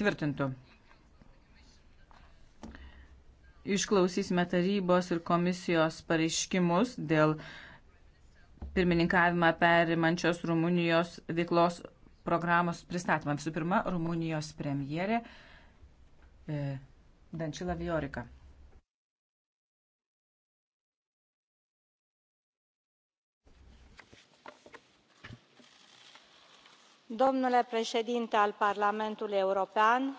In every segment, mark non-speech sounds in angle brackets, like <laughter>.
tvirtintų. Išklausysime tarybos ir komisijos pareiškimus dėl pirmininkavimą perimančios Rumunijos veiklos programos pristatymą. Visų pirma, Rumunijos premjerė e, Dančila Viorika. Domnule președinte al Parlamentului European,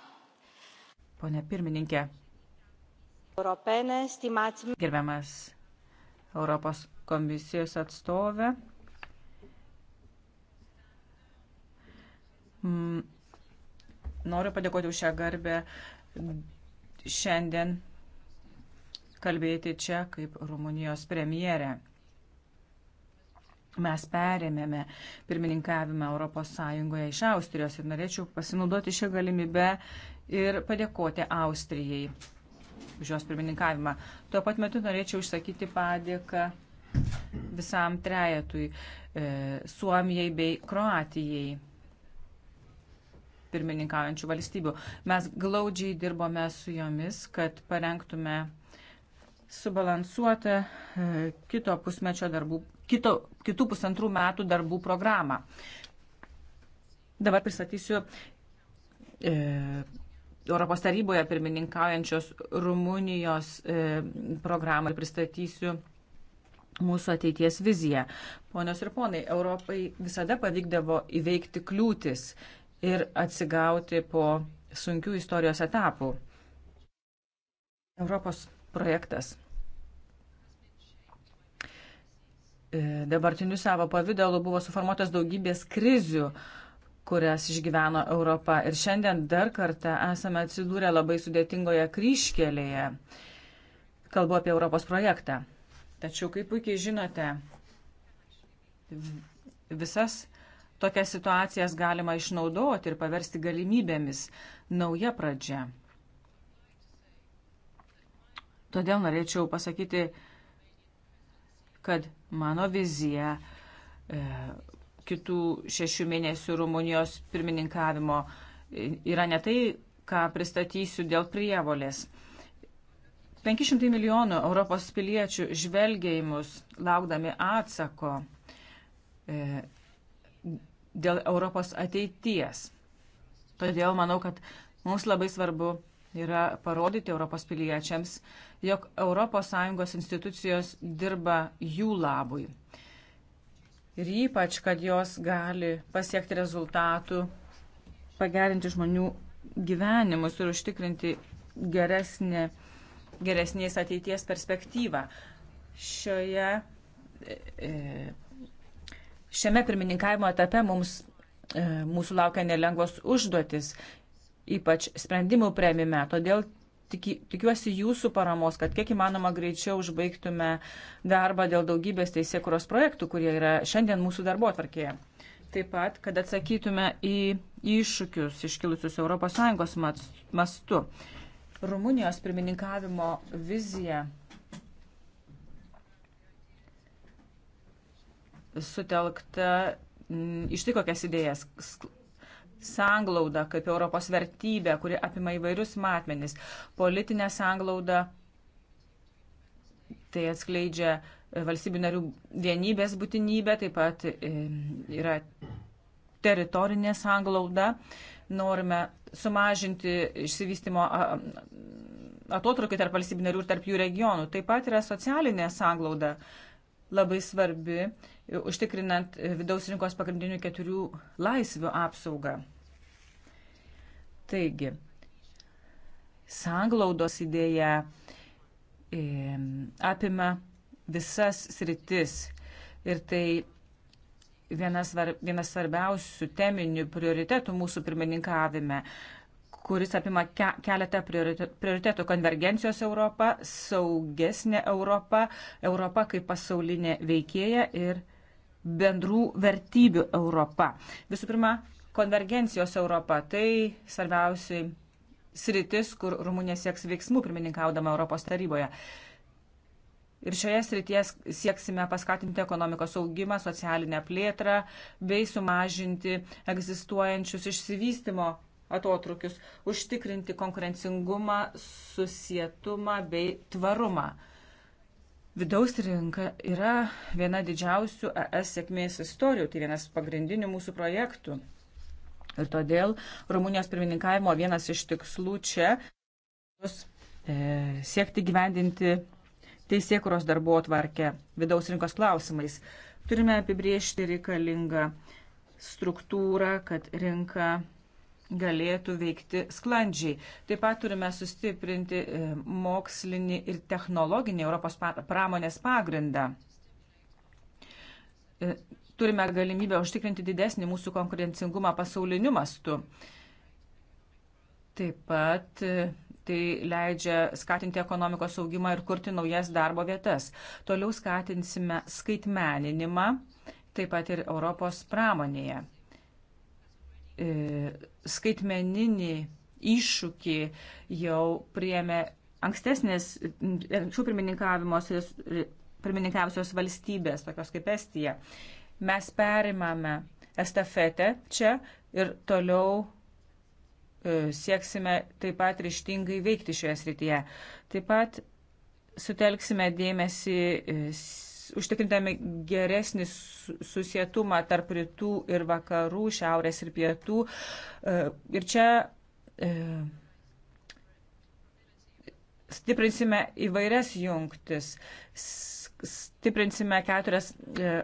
Pone pirmininkė, Europene, stimați... gerbiamas Europos komisijos atstovė, mm, noriu padėkoti už šią garbę šiandien kalbėti čia kaip Rumunijos premjerė. Mes perėmėme pirmininkavimą ES iš Austrijos ir norėčiau pasinaudoti šią galimybę ir padėkoti Austrijai už jos pirmininkavimą. Tuo pat metu norėčiau išsakyti padėką visam trejetui e, - Suomijai bei Kroatijai pirmininkaujančių valstybių. Mes glaudžiai dirbome su jomis, kad parengtume subalansuotą e, kito pusmečio darbų, kito, kitų pusantrų metų darbų programą. Dabar pristatysiu e, Europos taryboje pirmininkaujančios Rumunijos e, programą ir pristatysiu mūsų ateities viziją. Ponios ir ponai, Europai visada pavykdavo įveikti kliūtis ir atsigauti po sunkių istorijos etapų. Europos projektas. E, dabartiniu savo pavydalu buvo suformuotas daugybės krizių, kurias išgyveno Europa. Ir šiandien dar kartą esame atsidūrę labai sudėtingoje kryškelėje. Kalbu apie Europos projektą. Tačiau, kaip puikiai žinote, visas tokias situacijas galima išnaudoti ir paversti galimybėmis nauja pradžia. Todėl norėčiau pasakyti, kad mano vizija e, kitų šešių mėnesių Rumunijos pirmininkavimo e, yra ne tai, ką pristatysiu dėl prievolės. 500 milijonų Europos piliečių žvelgia į mus, laukdami atsako e, dėl Europos ateities. Todėl manau, kad mums labai svarbu yra parodyti Europos piliečiams, jog ES institucijos dirba jų labui. Ir ypač, kad jos gali pasiekti rezultatų, pagerinti žmonių gyvenimus ir užtikrinti geresnį, geresnės ateities perspektyvą. Šioje, e, e, šiame pirmininkavimo etape mums e, mūsų laukia nelengvos užduotis ypač sprendimų prieimime. Todėl tiki, tikiuosi jūsų paramos, kad kiek įmanoma greičiau užbaigtume darbą dėl daugybės teisėkuros projektų, kurie yra šiandien mūsų darbo atvarkėje. Taip pat, kad atsakytume į iššūkius iškilusius ES mastu. Rumunijos pirmininkavimo vizija sutelkta iš tai kokias idėjas sanglaudą kaip Europos vertybę, kuri apima įvairius matmenis. Politinę sanglaudą tai atskleidžia valstybių narių vienybės būtinybė, taip pat e, yra teritorinė sanglauda. Norime sumažinti išsivystimo atotrukį tarp valstybių narių ir tarp jų regionų. Taip pat yra socialinė sanglauda labai svarbi užtikrinant vidaus rinkos pagrindinių keturių laisvių apsaugą. Taigi, sanglaudos idėja apima visas sritis ir tai vienas, vienas svarbiausių teminių prioritetų mūsų pirmininkavime, kuris apima ke, keletą prioritetų - konvergencijos Europa, saugesnė Europa, Europa kaip pasaulinė veikėja ir Europa bendrų vertybių Europa. Visų pirma, konvergencijos Europa - tai svarbiausiai sritis, kur Rumunija sieks veiksmų pirmininkaudama Europos taryboje. Ir šioje srityje sieksime paskatinti ekonomikos augimą, socialinę plėtrą bei sumažinti egzistuojančius išsivystimo atotrukius, užtikrinti konkurencingumą, susietumą bei tvarumą. Vidaus rinka yra viena didžiausių ES sėkmės istorijų, tai vienas pagrindinių mūsų projektų. Ir todėl Rumunijos pirmininkavimo vienas iš tikslų čia bus e, siekti gyvendinti teisėkuros darbo atvarkę vidaus rinkos klausimais. Turime apibriežti reikalingą struktūrą, kad rinka galėtų veikti sklandžiai. Taip pat turime sustiprinti e, mokslinį ir technologinį Europos pramonės pagrindą. E, turime galimybę užtikrinti didesnį mūsų konkurencingumą pasauliniu mastu. Taip pat e, tai leidžia skatinti ekonomikos augimą ir kurti naujas darbo vietas. Toliau skatinsime skaitmeninimą, taip pat ir Europos pramonėje E, skaitmeninį iššūkį jau priemė ankstesnės, anksčiau pirmininkavusios valstybės, tokios kaip Estija. Mes perimame estafetę čia ir toliau e, sieksime taip pat ryštingai veikti šioje srityje. Taip pat sutelksime dėmesį e, užtikrindami geresnį susietumą tarp rytų ir vakarų, šiaurės ir pietų. E, ir čia e, stiprinsime įvairias jungtis, stiprinsime keturias e,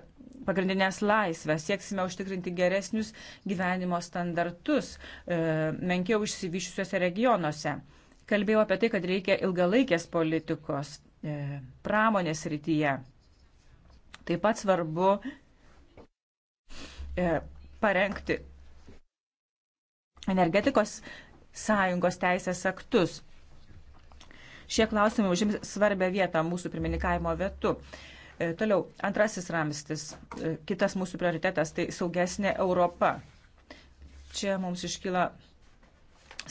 pagrindinės laisvės, sieksime užtikrinti geresnius gyvenimo standartus menkiau išsivyščiusiuose regionuose. Kalbėjau apie tai, kad reikia ilgalaikės politikos pramonės rytyje. Taip pat svarbu e, parengti energetikos sąjungos teisės aktus. Šie klausimai užims svarbę vietą mūsų pirmininkavimo vietu. E, toliau, antrasis ramstis, e, kitas mūsų prioritetas - tai saugesnė Europa. Čia mums iškyla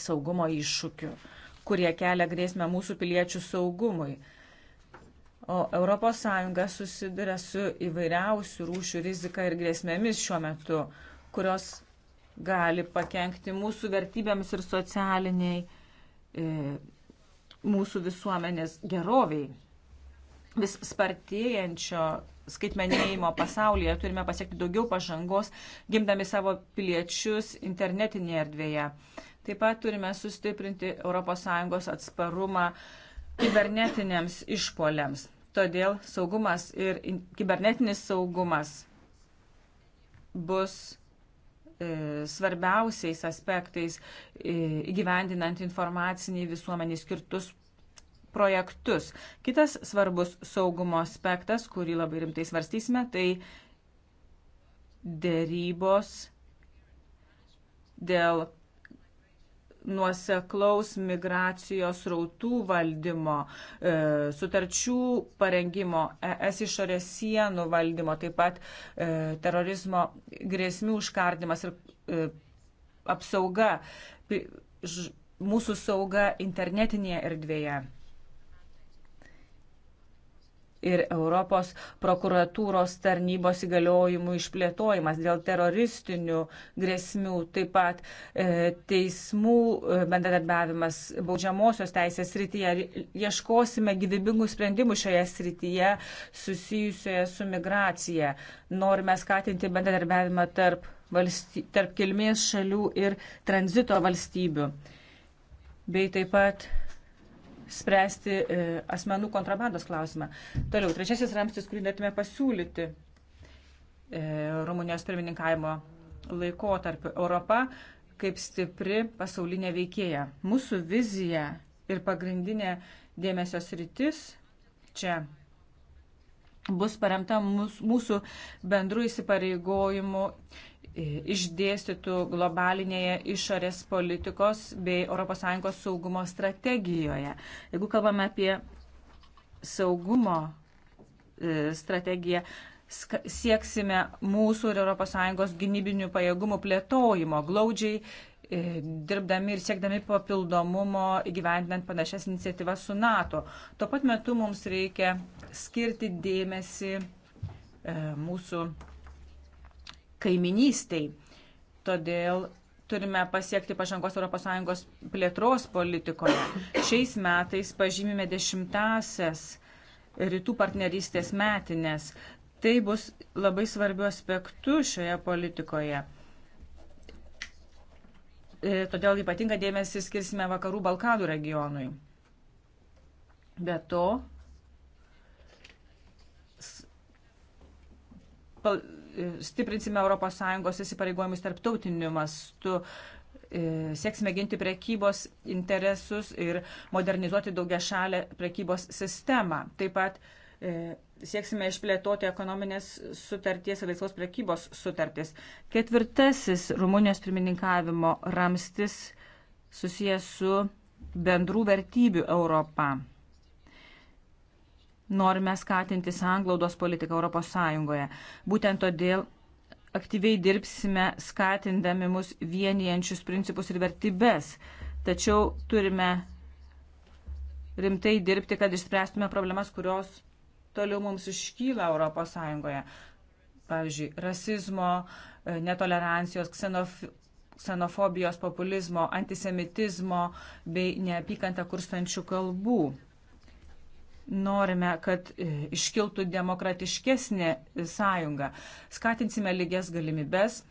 saugumo iššūkių, kurie kelia grėsmę mūsų piliečių saugumui. O ES susiduria su įvairiausių rūšių rizika ir grėsmėmis šiuo metu, kurios gali pakengti mūsų vertybėms ir socialiniai e, mūsų visuomenės geroviai. Vis spartėjančio skaitmenėjimo pasaulyje turime pasiekti daugiau pažangos, gimdami savo piliečius internetinėje erdvėje. Taip pat turime sustiprinti ES atsparumą kibernetiniams išpoliams. Todėl saugumas ir kibernetinis saugumas bus e, svarbiausiais aspektais e, įgyvendinant informaciniai visuomeniai skirtus projektus. Kitas svarbus saugumo aspektas, kurį labai rimtai svarstysime, tai dėrybos dėl nuoseklaus migracijos rautų valdymo, e, sutarčių parengimo, ES išorės sienų valdymo, taip pat e, terorizmo grėsmių užkardimas ir e, apsauga, mūsų sauga internetinėje erdvėje ir Europos prokuratūros tarnybos įgaliojimų išplėtojimas dėl teroristinių grėsmių, taip pat e, teismų e, bendradarbiavimas baudžiamosios teisės srityje. Ieškosime gyvybingų sprendimų šioje srityje susijusioje su migracija. Norime skatinti bendradarbiavimą tarp, valsty, tarp kilmės šalių ir tranzito valstybių. Bei taip pat spręsti e, asmenų kontrabandos klausimą. Toliau, trečiasis ramstis, kurį norėtume pasiūlyti e, Rumunijos pirmininkavimo laikotarpiu. Europa kaip stipri pasaulinė veikėja. Mūsų vizija ir pagrindinė dėmesio sritis čia bus paremta mūsų bendrų įsipareigojimų E, išdėstytų globalinėje išorės politikos bei ES saugumo strategijoje. Jeigu kalbame apie saugumo e, strategiją, sieksime mūsų ir ES gynybinių pajėgumų plėtojimo glaudžiai e, dirbdami ir siekdami papildomumo įgyvendinant panašias iniciatyvas su NATO. Tuo pat metu mums reikia skirti dėmesį mūsų kaiminystiai. Todėl turime pasiekti pažangos ES plėtros politikoje. Šiais metais pažymime dešimtasias rytų partnerystės metinės. Tai bus labai svarbių aspektų šioje politikoje. E, todėl ypatingą dėmesį skirsime Vakarų Balkanų regionui. Be to, stiprinsime ES įsipareigojimus tarptautiniu mastu, e, sieksime ginti prekybos interesus ir modernizuoti daugia šalę prekybos sistemą. Taip pat e, sieksime išplėtoti ekonominės sutarties ir laisvos prekybos sutartis. Ketvirtasis Rumunijos pirmininkavimo ramstis susijęs su bendrų vertybių Europą norime skatinti sanglaudos politiką Europos Sąjungoje. Būtent todėl aktyviai dirbsime skatindami mus vienijančius principus ir vertybės. Tačiau turime rimtai dirbti, kad išspręstume problemas, kurios toliau mums iškyla Europos Sąjungoje. Pavyzdžiui, rasizmo, e, netolerancijos, ksenof ksenofobijos, populizmo, antisemitizmo bei neapykantą kurstančių kalbų norime, kad e, iškiltų demokratiškesnė e, sąjunga. Skatinsime lygias galimybes.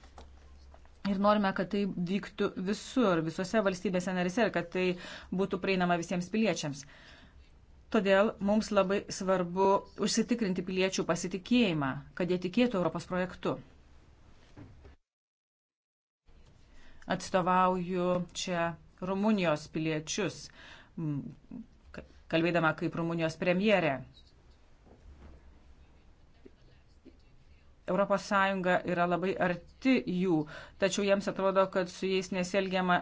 Ir norime, kad tai vyktų visur, visose valstybėse narise ir kad tai būtų prieinama visiems piliečiams. Todėl mums labai svarbu užsitikrinti piliečių pasitikėjimą, kad jie tikėtų Europos projektu. Atstovauju čia Rumunijos piliečius, kalbėdama kaip Rumunijos premjerė. ES yra labai arti jų, tačiau jiems atrodo, kad su jais nesielgiama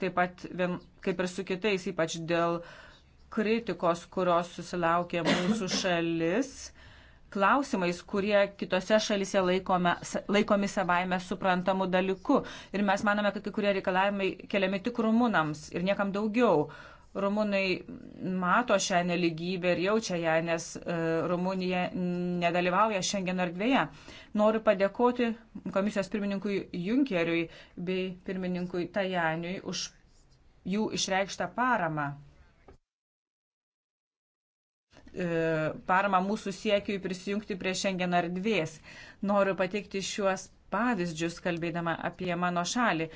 taip pat vien, kaip ir su kitais, ypač dėl kritikos, kurios susilaukė mūsų šalis, klausimais, kurie kitose šalise laikome, laikomi savaime suprantamų dalykų. Ir mes manome, kad kai kurie reikalavimai keliami tik rumunams ir niekam daugiau. Uh, Rumunai mato šią neligybę ir jaučia ją, nes e, Rumunija nedalyvauja šiandien erdvėje. Noriu padėkoti komisijos pirmininkui Junkeriui bei pirmininkui Tajaniui už jų išreikštą paramą. E, Parama mūsų siekiui prisijungti prie šiandien erdvės. Noriu pateikti šiuos pavyzdžius, kalbėdama apie mano šalį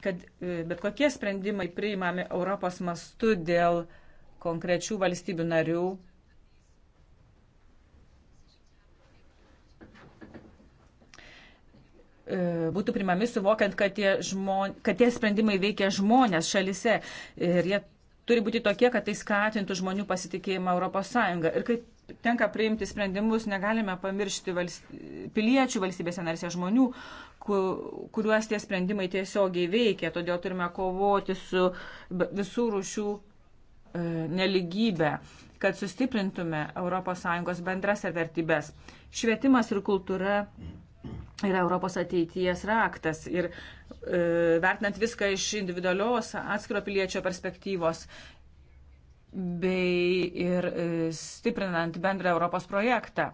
kad e, bet kokie sprendimai priimami Europos mastu dėl konkrečių valstybių narių e, būtų primami suvokiant, kad tie, žmon, kad tie sprendimai veikia žmonės šalise ir jie turi būti tokie, kad tai skatintų žmonių pasitikėjimą Europos Sąjungą. Ir kai tenka priimti sprendimus, negalime pamiršti valst... piliečių valstybėse narėse žmonių, ku... kuriuos tie sprendimai tiesiogiai veikia, todėl turime kovoti su visų rušių e, neligybė, kad sustiprintume ES bendras vertybės. Švietimas ir kultūra yra Europos ateities raktas ir e, vertinant viską iš individualios atskiro piliečio perspektyvos bei ir e, stiprinant bendrą Europos projektą.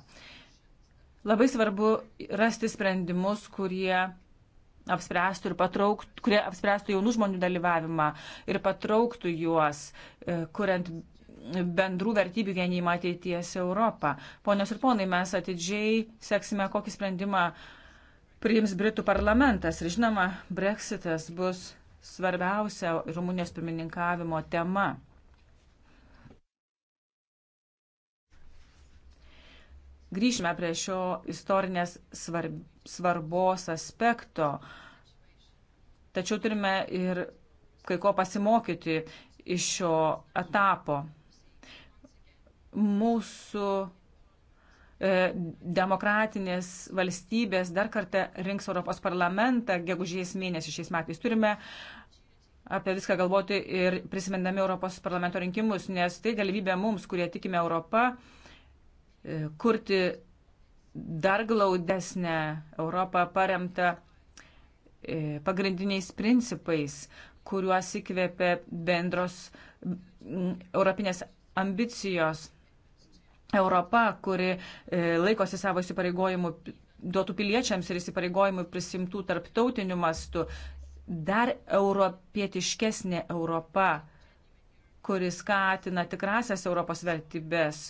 Labai svarbu rasti sprendimus, kurie apspręstų ir patrauktų, kurie apspręstų jaunų žmonių dalyvavimą ir patrauktų juos, e, kuriant bendrų vertybių vienimą ateities Europą. Ponios ir ponai, mes atidžiai seksime, kokį sprendimą priims Britų parlamentas. Ir žinoma, Brexitas bus svarbiausia Rumunijos pirmininkavimo tema. grįžime prie šio istorinės svarb, svarbos aspekto. Tačiau turime ir kai ko pasimokyti iš šio etapo. Mūsų e, demokratinės valstybės dar kartą rinks Europos parlamentą gegužės mėnesį šiais metais. Turime apie viską galvoti ir prisimindami Europos parlamento rinkimus, nes tai galimybė mums, kurie tikime Europą, E, kurti dar glaudesnę Europą paremtą e, pagrindiniais principais, kuriuos įkvėpė bendros europinės ambicijos. Europa, kuri e, laikosi savo įsipareigojimų duotų piliečiams ir įsipareigojimų prisimtų tarptautiniu mastu, dar europietiškesnė Europa, kuris skatina tikrasias Europos vertybės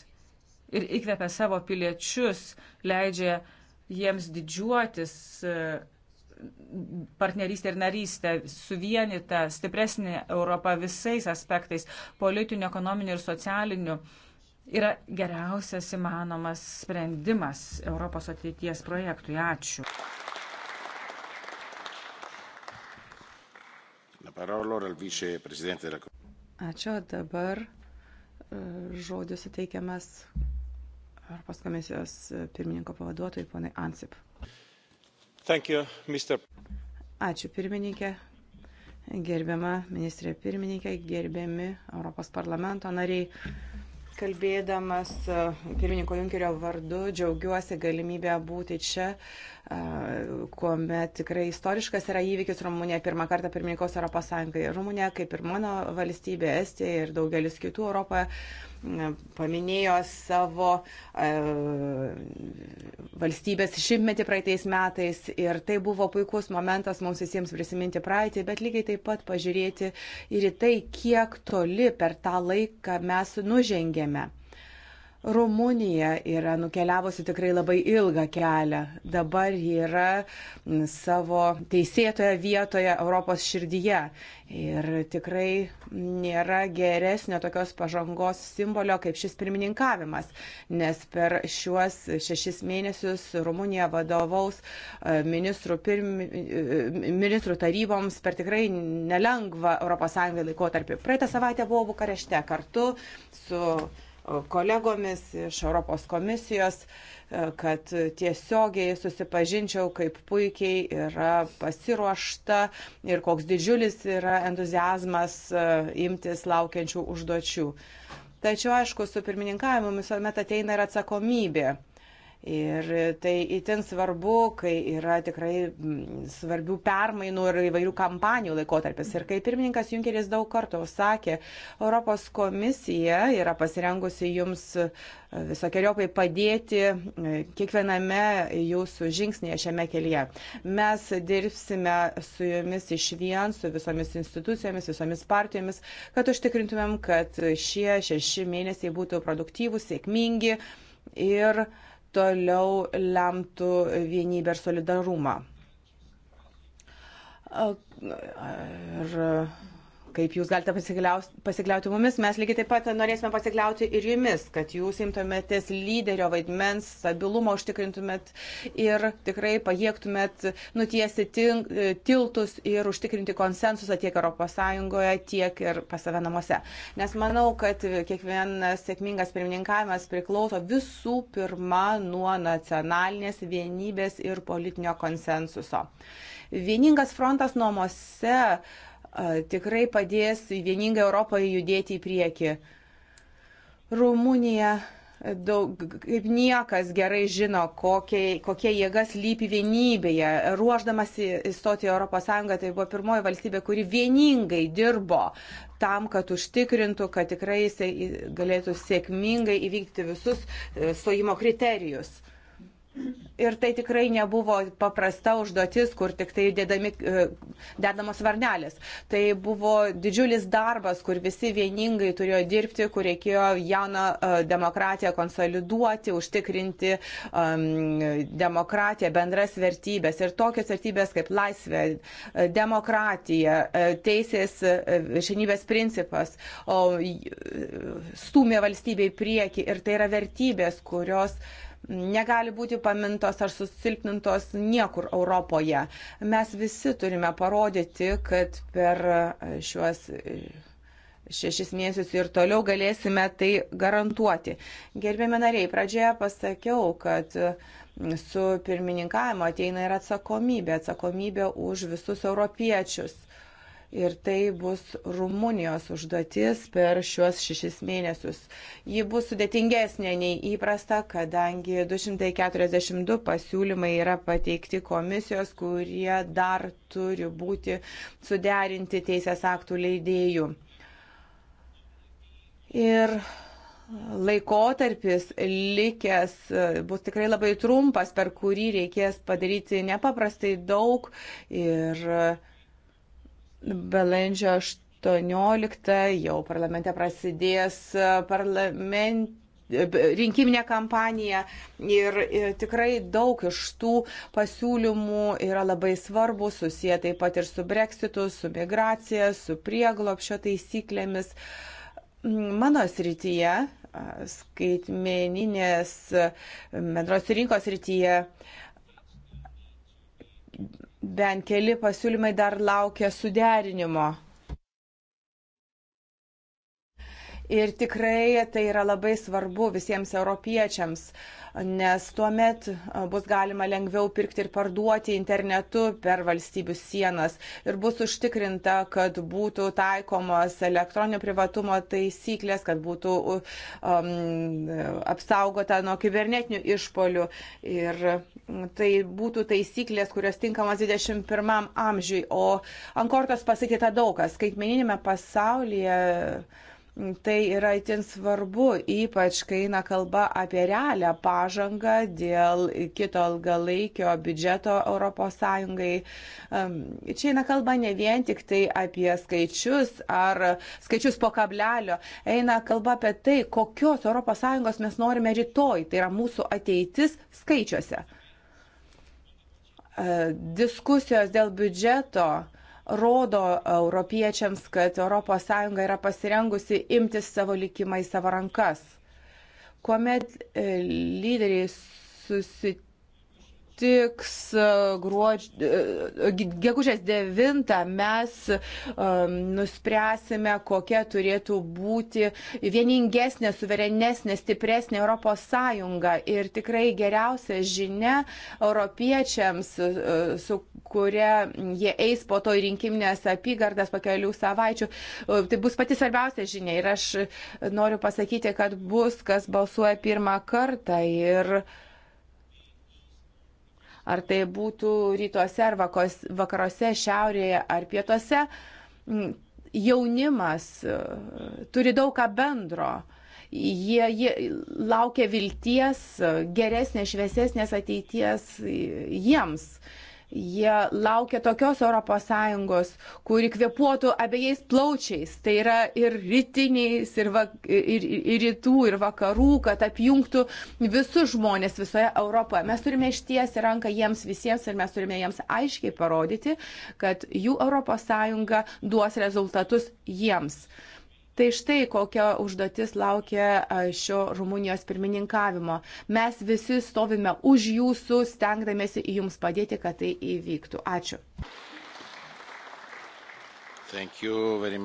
ir įkvepia savo piliečius, leidžia jiems didžiuotis e, partnerystę ir narystę, suvienytą, stipresnį Europą visais aspektais - politiniu, ekonominiu ir socialiniu - yra geriausias įmanomas sprendimas Europos ateities projektui. Ačiū. Ačiū dabar e, žodis suteikiamas Europos komisijos pirmininko pavaduotojai, ponai Ansip. Thank you, Mr. Ačiū pirmininkė, gerbiama ministrė pirmininkė, gerbiami Europos parlamento nariai. Kalbėdamas pirmininko Junkerio vardu, džiaugiuosi galimybę būti čia kuomet tikrai istoriškas yra įvykis Rumunija pirmą kartą pirmininkos Europos Sąjungai. Rumunija, kaip ir mano valstybė, Estija ir daugelis kitų Europoje, paminėjo savo valstybės šimtmetį praeitais metais ir tai buvo puikus momentas mums visiems prisiminti praeitį, bet lygiai taip pat pažiūrėti ir į tai, kiek toli per tą laiką mes nužengėme. Rumunija yra nukeliavusi tikrai labai ilgą kelią. Dabar yra savo teisėtoje vietoje Europos širdyje. Ir tikrai nėra geresnio tokios pažangos simbolio kaip šis pirmininkavimas, nes per šiuos šešis mėnesius Rumunija vadovaus e, ministrų, pirmi, e, ministrų taryboms per tikrai nelengvą ES laikotarpį. Praeitą savaitę buvau Bukarešte kartu su kolegomis iš Europos komisijos, e, kad tiesiogiai susipažinčiau, kaip puikiai yra pasiruošta ir koks didžiulis yra entuzijazmas e, imtis laukiančių užduočių. Tačiau, aišku, su pirmininkavimu visuomet ateina ir atsakomybė. Ir tai itin svarbu, kai yra tikrai mm, svarbių permainų ir įvairių kampanijų laikotarpis. Ir kaip pirmininkas Junkeris daug kartų sakė, Europos komisija yra pasirengusi jums e, visokiojopai padėti e, kiekviename jūsų žingsnėje šiame kelyje. Mes dirbsime su jumis iš vien, su visomis institucijomis, visomis partijomis, kad užtikrintumėm, kad šie šeši mėnesiai būtų produktyvūs, sėkmingi ir uh, toliau lemtų vienybę ir solidarumą. Ir kaip jūs galite pasikliauti mumis, mes lygiai taip pat norėsime pasikliauti ir jumis, kad jūs imtumėtės lyderio vaidmens, stabilumo užtikrintumėt ir tikrai pajėgtumėt nutiesti tiltus ir užtikrinti konsensusą tiek ES, tiek ir pas save namuose. Nes manau, kad kiekvienas sėkmingas pirmininkavimas priklauso visų pirma nuo nacionalinės vienybės ir politinio konsensuso. Vieningas frontas namuose tikrai padės vieningai Europai judėti į priekį. Rumunija daug, kaip niekas gerai žino, kokie, kokie jėgas lypi vienybėje. Ruoždamas įstoti į ES, tai buvo pirmoji valstybė, kuri vieningai dirbo tam, kad užtikrintų, kad tikrai jis galėtų sėkmingai įvykti visus e, stojimo kriterijus. Ir tai tikrai nebuvo paprasta užduotis, kur tik tai dėdami, e, dedamos varnelės. Tai buvo didžiulis darbas, kur visi vieningai turėjo dirbti, kur reikėjo jauną e, demokratiją konsoliduoti, užtikrinti um, demokratiją, bendras vertybės. Ir tokios vertybės kaip laisvė, e, demokratija, teisės viršinybės principas stumė valstybę į priekį. Ir tai yra vertybės, kurios uh, negali būti pamintos ar susilpnintos niekur Europoje. Mes visi turime parodyti, kad per e, šiuos e, šešis mėnesius ir toliau galėsime tai garantuoti. Gerbėme nariai, pradžioje pasakiau, kad e, su pirmininkavimu ateina ir atsakomybė, atsakomybė už visus europiečius ir tai bus Rumunijos užduotis per šiuos šešis mėnesius. Ji bus sudėtingesnė nei įprasta, kadangi 242 pasiūlymai yra pateikti komisijos, kurie dar turi būti suderinti teisės aktų leidėjų. Ir laikotarpis likęs bus tikrai labai trumpas, per kurį reikės padaryti nepaprastai daug ir uh, balandžio 18 jau parlamente prasidės e, parlament rinkiminė kampanija ir, ir e, tikrai daug iš tų pasiūlymų yra labai svarbu, susiję taip pat ir su breksitu, su migracija, su prieglopšio taisyklėmis. Mm, mano srityje, skaitmeninės e, bendros rinkos srityje, bent keli pasiūlymai dar laukia suderinimo. Ir tikrai tai yra labai svarbu visiems europiečiams, nes tuomet bus galima lengviau pirkti ir parduoti internetu per valstybių sienas ir bus užtikrinta, kad būtų taikomos elektroninio privatumo taisyklės, kad būtų um, apsaugota nuo kibernetinių išpolių. Ir tai būtų taisyklės, kurios tinkamas 21 amžiui, o ant kortos pasakyta daugas. Skaitmeninėme pasaulyje tai yra itin svarbu, ypač kai eina kalba apie realią pažangą dėl kito ilgalaikio biudžeto ES. Čia eina kalba ne vien tik tai apie skaičius ar skaičius po kablelio, eina kalba apie tai, kokios ES mes norime rytoj, tai yra mūsų ateitis skaičiuose. E, diskusijos dėl biudžeto rodo europiečiams, kad ES yra pasirengusi imtis savo likimą į savo rankas. Kuomet e, lyderiai susitikė, sutiks e, gruodž... E, e, gegužės 9 mes um, nuspręsime, kokia turėtų būti vieningesnė, suverenesnė, stipresnė Europos Sąjunga. Ir tikrai geriausia žinia europiečiams, su kuria jie eis po to į rinkiminės apygardas po kelių savaičių, tai bus pati svarbiausia žinia. Ir aš noriu pasakyti, kad bus, kas balsuoja pirmą kartą. Ir ar tai būtų rytuose ar vakos, vakaruose, šiaurėje ar pietuose, mm, jaunimas e, turi daug ką bendro. Jie, jie laukia vilties, geresnės, šviesesnės ateities e, jiems. Uh, Jie laukia tokios ES, kuri kvepuotų abiejais plaučiais, tai yra ir rytiniais, ir, va, ir, ir rytų, ir vakarų, kad apjungtų visus žmonės visoje Europoje. Mes turime ištiesi ranką jiems visiems ir mes turime jiems aiškiai parodyti, kad jų ES duos rezultatus jiems. Uh, Tai štai kokia užduotis laukia šio Rumunijos pirmininkavimo. Mes visi stovime už jūsų, stengdamėsi jums padėti, kad tai įvyktų. Ačiū.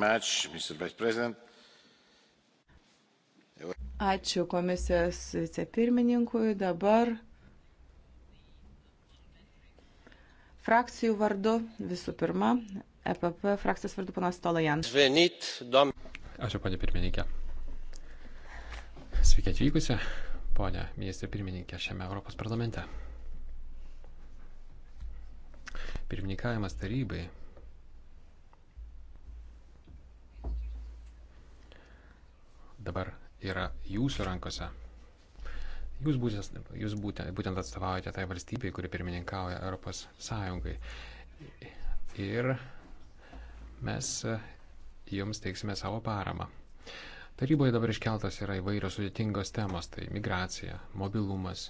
Much, Ačiū komisijos vicepirmininkui. Dabar frakcijų vardu visų pirma, EPP frakcijos vardu panas Tolajan. Ačiū, ponė pirmininkė. Sveiki atvykusi, ponė ministrė pirmininkė šiame Europos parlamente. Pirmininkavimas tarybai dabar yra jūsų rankose. Jūs, būsės, jūs būtent, būtent atstovaujate tai valstybei, kuri pirmininkauja Europos Sąjungai. Ir mes jums teiksime savo paramą. Taryboje dabar iškeltas yra įvairios sudėtingos temos - tai migracija, mobilumas.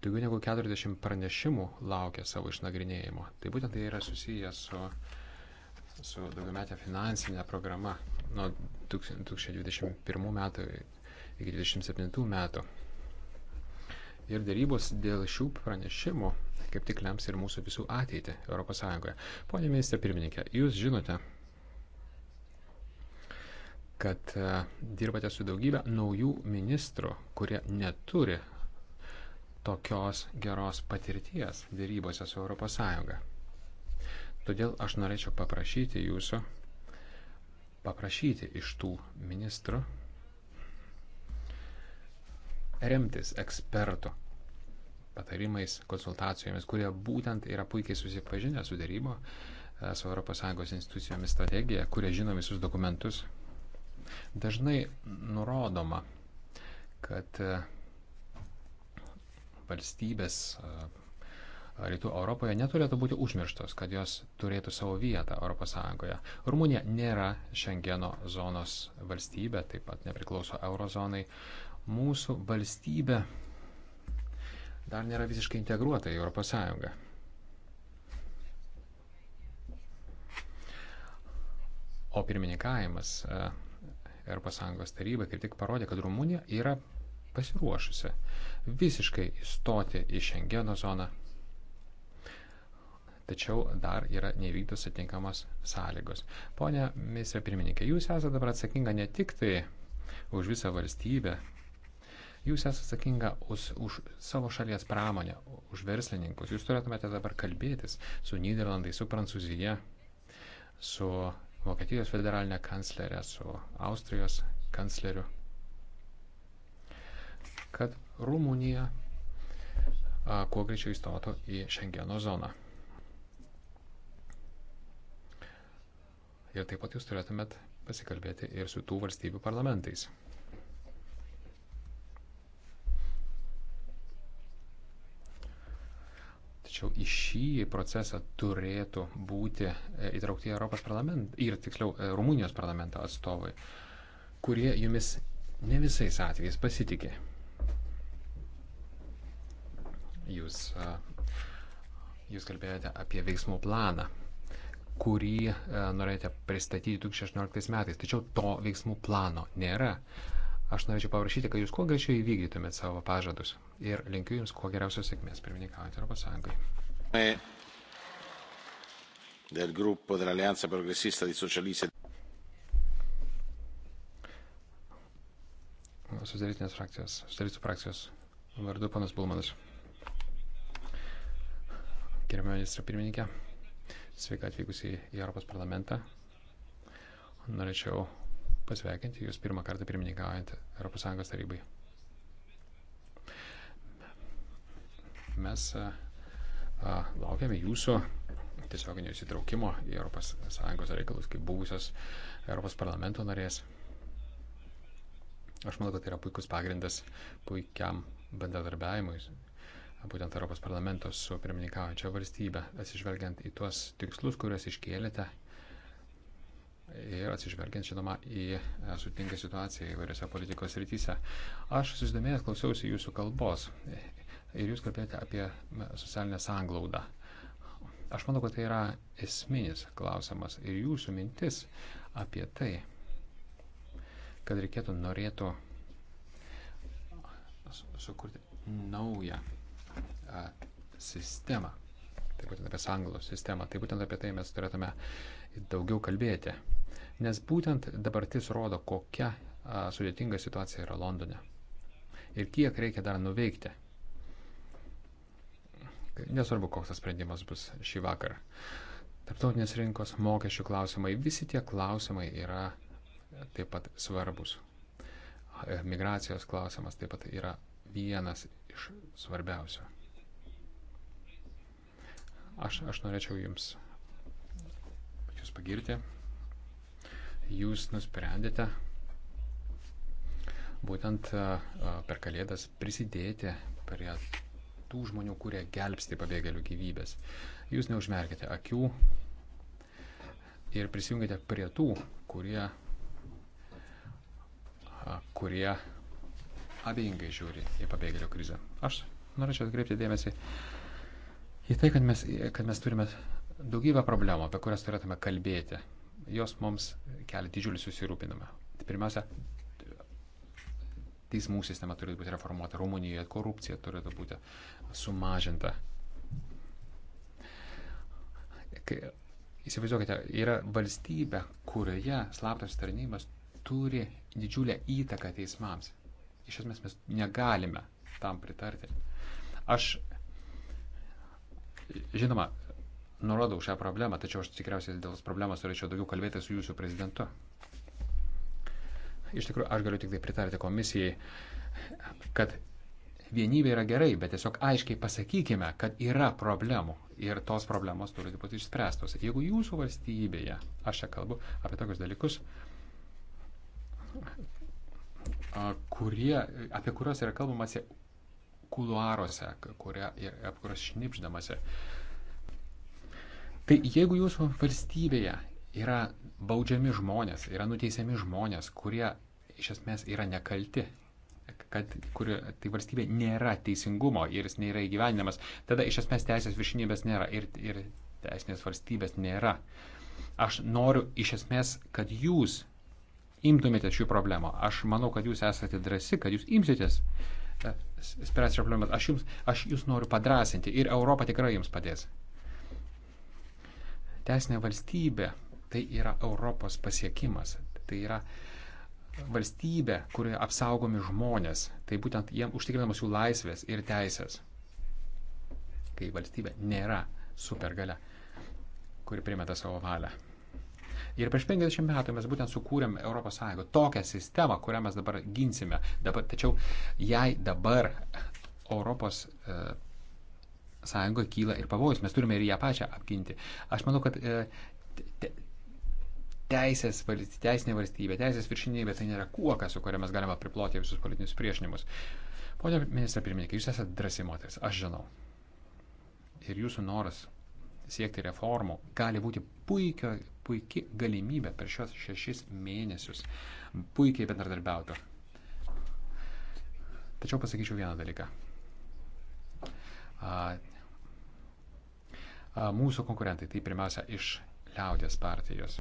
Daugiau negu 40 pranešimų laukia savo išnagrinėjimo. Tai būtent tai yra susijęs su, su daugiametė finansinė programa nuo 2021 metų iki 2027 metų. Ir dėrybos dėl šių pranešimų kaip tik lems ir mūsų visų ateitį ES. Pone ministrė pirmininkė, jūs žinote, kad e, dirbate su daugybė naujų ministrų, kurie neturi tokios geros patirties dėrybose su ES. Todėl aš norėčiau paprašyti jūsų, paprašyti iš tų ministrų remtis ekspertų patarimais, konsultacijomis, kurie būtent yra puikiai susipažinę su darybo e, su ES institucijomis strategija, kurie žino visus dokumentus. Dažnai nurodoma, kad e, valstybės e, Rytų Europoje neturėtų būti užmirštos, kad jos turėtų savo vietą ES. Rumunija nėra Šengeno zonos valstybė, taip pat nepriklauso eurozonai. Mūsų valstybė dar nėra visiškai integruota į Europos Sąjungą. O pirmininkavimas e, Europos Sąjungos taryba kaip tik parodė, kad Rumunija yra pasiruošusi visiškai įstoti į Šengeno zoną. Tačiau dar yra nevykdytos atinkamos sąlygos. Pone ministrė pirmininkė, jūs esate dabar atsakinga ne tik tai už visą valstybę, Jūs esate atsakinga už, už savo šalies pramonę, už verslininkus. Jūs turėtumėte dabar kalbėtis su Niderlandai, su Prancūzija, su Vokietijos federalinė kanclerė, su Austrijos kancleriu, kad Rumunija a, kuo greičiau įstotų į Šengeno zoną. Ir taip pat jūs turėtumėt pasikalbėti ir su tų valstybių parlamentais. Tačiau į šį procesą turėtų būti e, įtraukti Europos parlamentą ir tiksliau e, Rumunijos parlamento atstovai, kurie jumis ne visais atvejais pasitikė. Jūs, e, jūs kalbėjote apie veiksmų planą kurį norėjote pristatyti 2016 metais. Tačiau to veiksmų plano nėra. Aš norėčiau paprašyti, kad jūs kuo greičiau įvykdytumėte savo pažadus ir linkiu Jums kuo geriausios sėkmės pirmininkaujant Europos Sąjungai. Del gruppo dell'Alleanza Progressista di Socialisti. E Susidarytinės frakcijos, susidarytų frakcijos vardu panas Bulmanas. Gerbėjo ministra pirmininkė, sveika atvykusi į Europos parlamentą. Norėčiau pasveikinti Jūs pirmą kartą pirmininkaujant ES tarybai. mes e, laukiame jūsų tiesioginio įsitraukimo į ES reikalus kaip buvusios ES parlamento narės. Aš manau, kad tai yra puikus pagrindas puikiam bendradarbiavimui, būtent Europos parlamento su pirmininkaujančia valstybe, atsižvelgiant į tuos tikslus, kuriuos iškėlėte ir atsižvelgiant, žinoma, į e, sutinkę situaciją įvairiose politikos rytise. Aš susidomėjęs klausiausi jūsų kalbos ir jūs kalbėjote apie socialinę sanglaudą. Aš manau, kad tai yra esminis klausimas ir jūsų mintis apie tai, kad reikėtų norėtų sukurti naują a, sistemą. Tai būtent apie sanglų sistemą. Tai būtent apie tai mes turėtume daugiau kalbėti. Nes būtent dabartis rodo, kokia a, sudėtinga situacija yra Londone. Ir kiek reikia dar nuveikti nesvarbu, koks tas sprendimas bus šį vakarą. Tarptautinės rinkos mokesčių klausimai, visi tie klausimai yra taip pat svarbus. Migracijos klausimas taip pat yra vienas iš svarbiausių. Aš, aš norėčiau jums, jūs pagirti. Jūs nusprendėte būtent per kalėdas prisidėti prie tų žmonių, kurie gelbsti pabėgėlių gyvybės. Jūs neužmerkite akių ir prisijungite prie tų, kurie, kurie abejingai žiūri į pabėgėlių krizę. Aš norėčiau atkreipti dėmesį į tai, kad mes, kad mes turime daugybę problemų, apie kurias turėtume kalbėti. Jos mums kelia didžiulį susirūpinimą. Pirmiausia, teismų sistema turėtų būti reformuota, Rumunijoje korupcija turėtų būti sumažinta. Kai, įsivaizduokite, yra valstybė, kurioje slaptas tarnybas turi didžiulę įtaką teismams. Iš esmės mes negalime tam pritarti. Aš, žinoma, nurodau šią problemą, tačiau aš tikriausiai dėl tos problemos turėčiau daugiau kalbėti su jūsų prezidentu. Iš tikrųjų, aš galiu tik tai pritarti komisijai, kad vienybė yra gerai, bet tiesiog aiškiai pasakykime, kad yra problemų ir tos problemos turi būti išspręstos. Jeigu jūsų valstybėje, aš čia kalbu apie tokius dalykus, kurie, apie kuriuos yra kalbamasi kuluaruose, kuria, apie kuriuos šnipždamasi. Tai jeigu jūsų valstybėje yra baudžiami žmonės, yra nuteisiami žmonės, kurie iš esmės yra nekalti, kad kur, tai valstybė nėra teisingumo ir jis nėra įgyvendinamas, tada iš esmės teisės viršinybės nėra ir, ir teisinės valstybės nėra. Aš noriu iš esmės, kad jūs imtumėte šių problemų. Aš manau, kad jūs esate drasi, kad jūs imsitės e, spręsti šią problemą. Aš, jums, aš jūs noriu padrasinti ir Europa tikrai jums padės. Teisinė valstybė tai yra Europos pasiekimas. Tai yra valstybė, kurioje apsaugomi žmonės. Tai būtent jiems užtikrinamos jų laisvės ir teisės. Kai valstybė nėra supergalia, kuri primeta savo valią. Ir prieš 50 metų mes būtent sukūrėm ES tokią sistemą, kurią mes dabar ginsime. Dabar, tačiau jai dabar Europos e, sąjungoje kyla ir pavojus, mes turime ir ją pačią apginti. Aš manau, kad e, te, teisės, teisinė valstybė, teisės viršinybė, tai nėra kuoka, su kuria mes galime priploti visus politinius priešinimus. Pone ministra pirmininkė, jūs esate drąsi moteris, aš žinau. Ir jūsų noras siekti reformų gali būti puikio, puikia galimybė per šios šešis mėnesius puikiai bendradarbiauti. Tačiau pasakyčiau vieną dalyką. A, a, mūsų konkurentai, tai pirmiausia iš liaudės partijos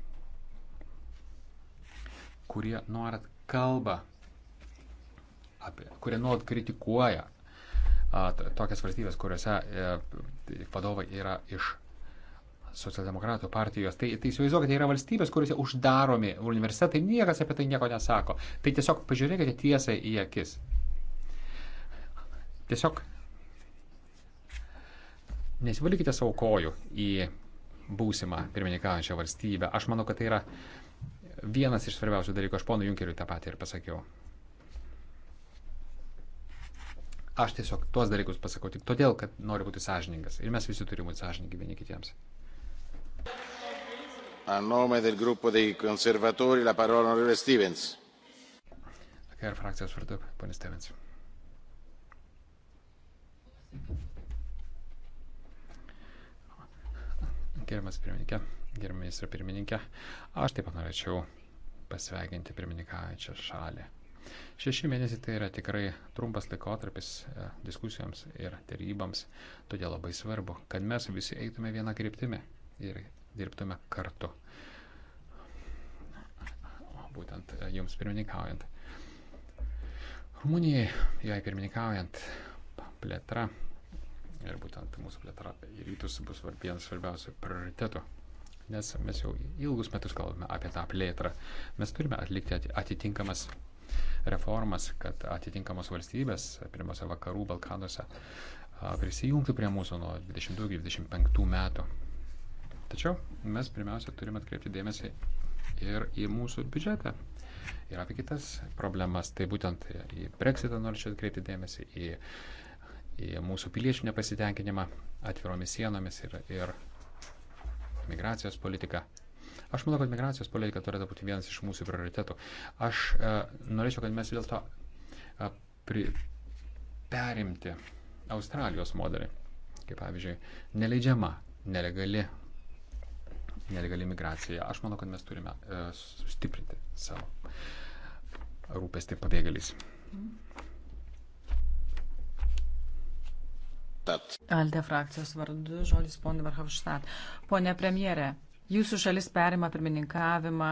kurie nuolat kalba apie, kurie nuolat kritikuoja a, tokias valstybės, kuriuose a, e, vadovai yra iš socialdemokratų partijos. Tai, tai įsivaizduokite, yra valstybės, kuriuose uždaromi universitetai, niekas apie tai nieko nesako. Tai tiesiog pažiūrėkite tiesai į akis. Tiesiog nesivalykite savo kojų į būsimą pirmininkaujančią valstybę. Aš manau, kad tai yra uh, vienas iš svarbiausių dalykų, aš ponui Junkeriui tą patį ir pasakiau. Aš tiesiog tuos dalykus pasakau tik todėl, kad noriu būti sąžiningas. Ir mes visi turime būti sąžiningi vieni kitiems. A nome del gruppo dei conservatori la parola onorevole Stevens. Care frakcijos vardu, ponė Stevens. Gerbiamas pirmininkė gerbėmis ir pirmininkė. Aš taip pat norėčiau pasveikinti pirmininkaujančią šalį. Šeši mėnesiai tai yra tikrai trumpas laikotarpis e, diskusijoms ir tarybams, todėl labai svarbu, kad mes visi eitume vieną kryptimį ir dirbtume kartu. Būtent e, jums pirmininkaujant. Rumunijai, jai pirmininkaujant, plėtra ir būtent mūsų plėtra į rytus bus vienas svarbiausių prioritetų nes mes jau ilgus metus kalbame apie tą plėtrą. Mes turime atlikti atitinkamas reformas, kad atitinkamos valstybės, pirmiausia vakarų Balkanuose, prisijungtų prie mūsų nuo 22-25 metų. Tačiau mes pirmiausia turime atkreipti dėmesį ir į mūsų biudžetą, ir apie kitas problemas. Tai būtent į Brexitą norėčiau atkreipti dėmesį, į, į mūsų piliečių nepasitenkinimą atviromis sienomis ir, ir migracijos politika. Aš manau, kad migracijos politika turėtų būti vienas iš mūsų prioritetų. Aš e, norėčiau, kad mes vis dėlto e, pri, perimti Australijos modelį, kaip pavyzdžiui, neleidžiama nelegali, nelegali migracija. Aš manau, kad mes turime e, sustiprinti savo rūpestį pabėgėliais. Mm. Alde frakcijos vardu, žodis ponui Varhavštat. Pone premjere, jūsų šalis perima pirmininkavimą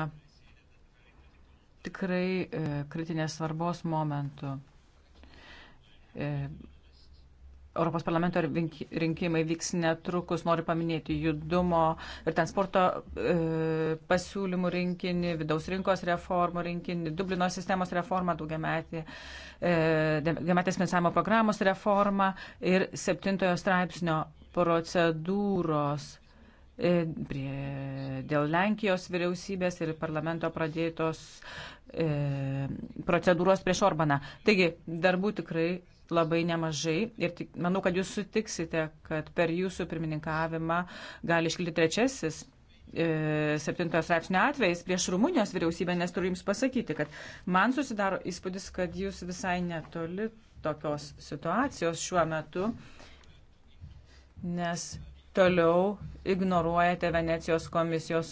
tikrai e, kritinės svarbos momentu. E, Europos parlamento rinkimai vyks netrukus, noriu paminėti judumo ir transporto e, pasiūlymų rinkinį, vidaus rinkos reformų rinkinį, Dublino sistemos reformą, e, daugiametės e, finansavimo programos reformą ir septintojo straipsnio procedūros e, prie, dėl Lenkijos vyriausybės ir parlamento pradėtos e, procedūros prieš Orbaną. Taigi, darbų tikrai labai nemažai ir tik, manau, kad jūs sutiksite, kad per jūsų pirmininkavimą gali iškilti trečiasis. 7 e, straipsnio atvejais prieš Rumunijos vyriausybę, nes turiu Jums pasakyti, kad man susidaro įspūdis, kad Jūs visai netoli tokios situacijos šiuo metu, nes toliau ignoruojate Venecijos komisijos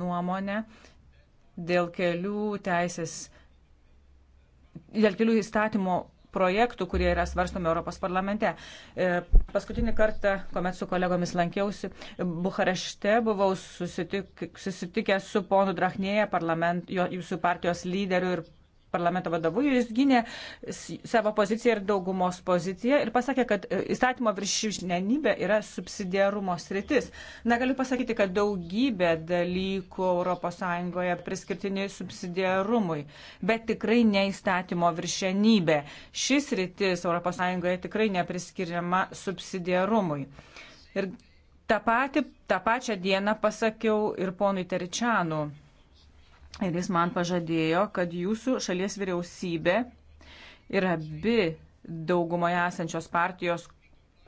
nuomonę dėl kelių teisės, dėl kelių įstatymo projektų, kurie yra svarstomi Europos parlamente. E, paskutinį kartą, kuomet su kolegomis lankiausi Bukarešte, buvau susitik, susitikęs su ponu Drachnėje, jūsų partijos lyderiu ir parlamento vadovu ir jis gynė savo poziciją ir daugumos poziciją ir pasakė, kad e, įstatymo viršišnenybė yra subsidiarumo sritis. Na, galiu pasakyti, kad daugybė dalykų ES priskirtini subsidiarumui, bet tikrai ne įstatymo viršenybė. Šis rytis ES tikrai nepriskiriama subsidiarumui. Ir tą, patį, tą pačią dieną pasakiau ir ponui Teričianui Ir jis man pažadėjo, kad jūsų šalies vyriausybė ir abi daugumoje esančios partijos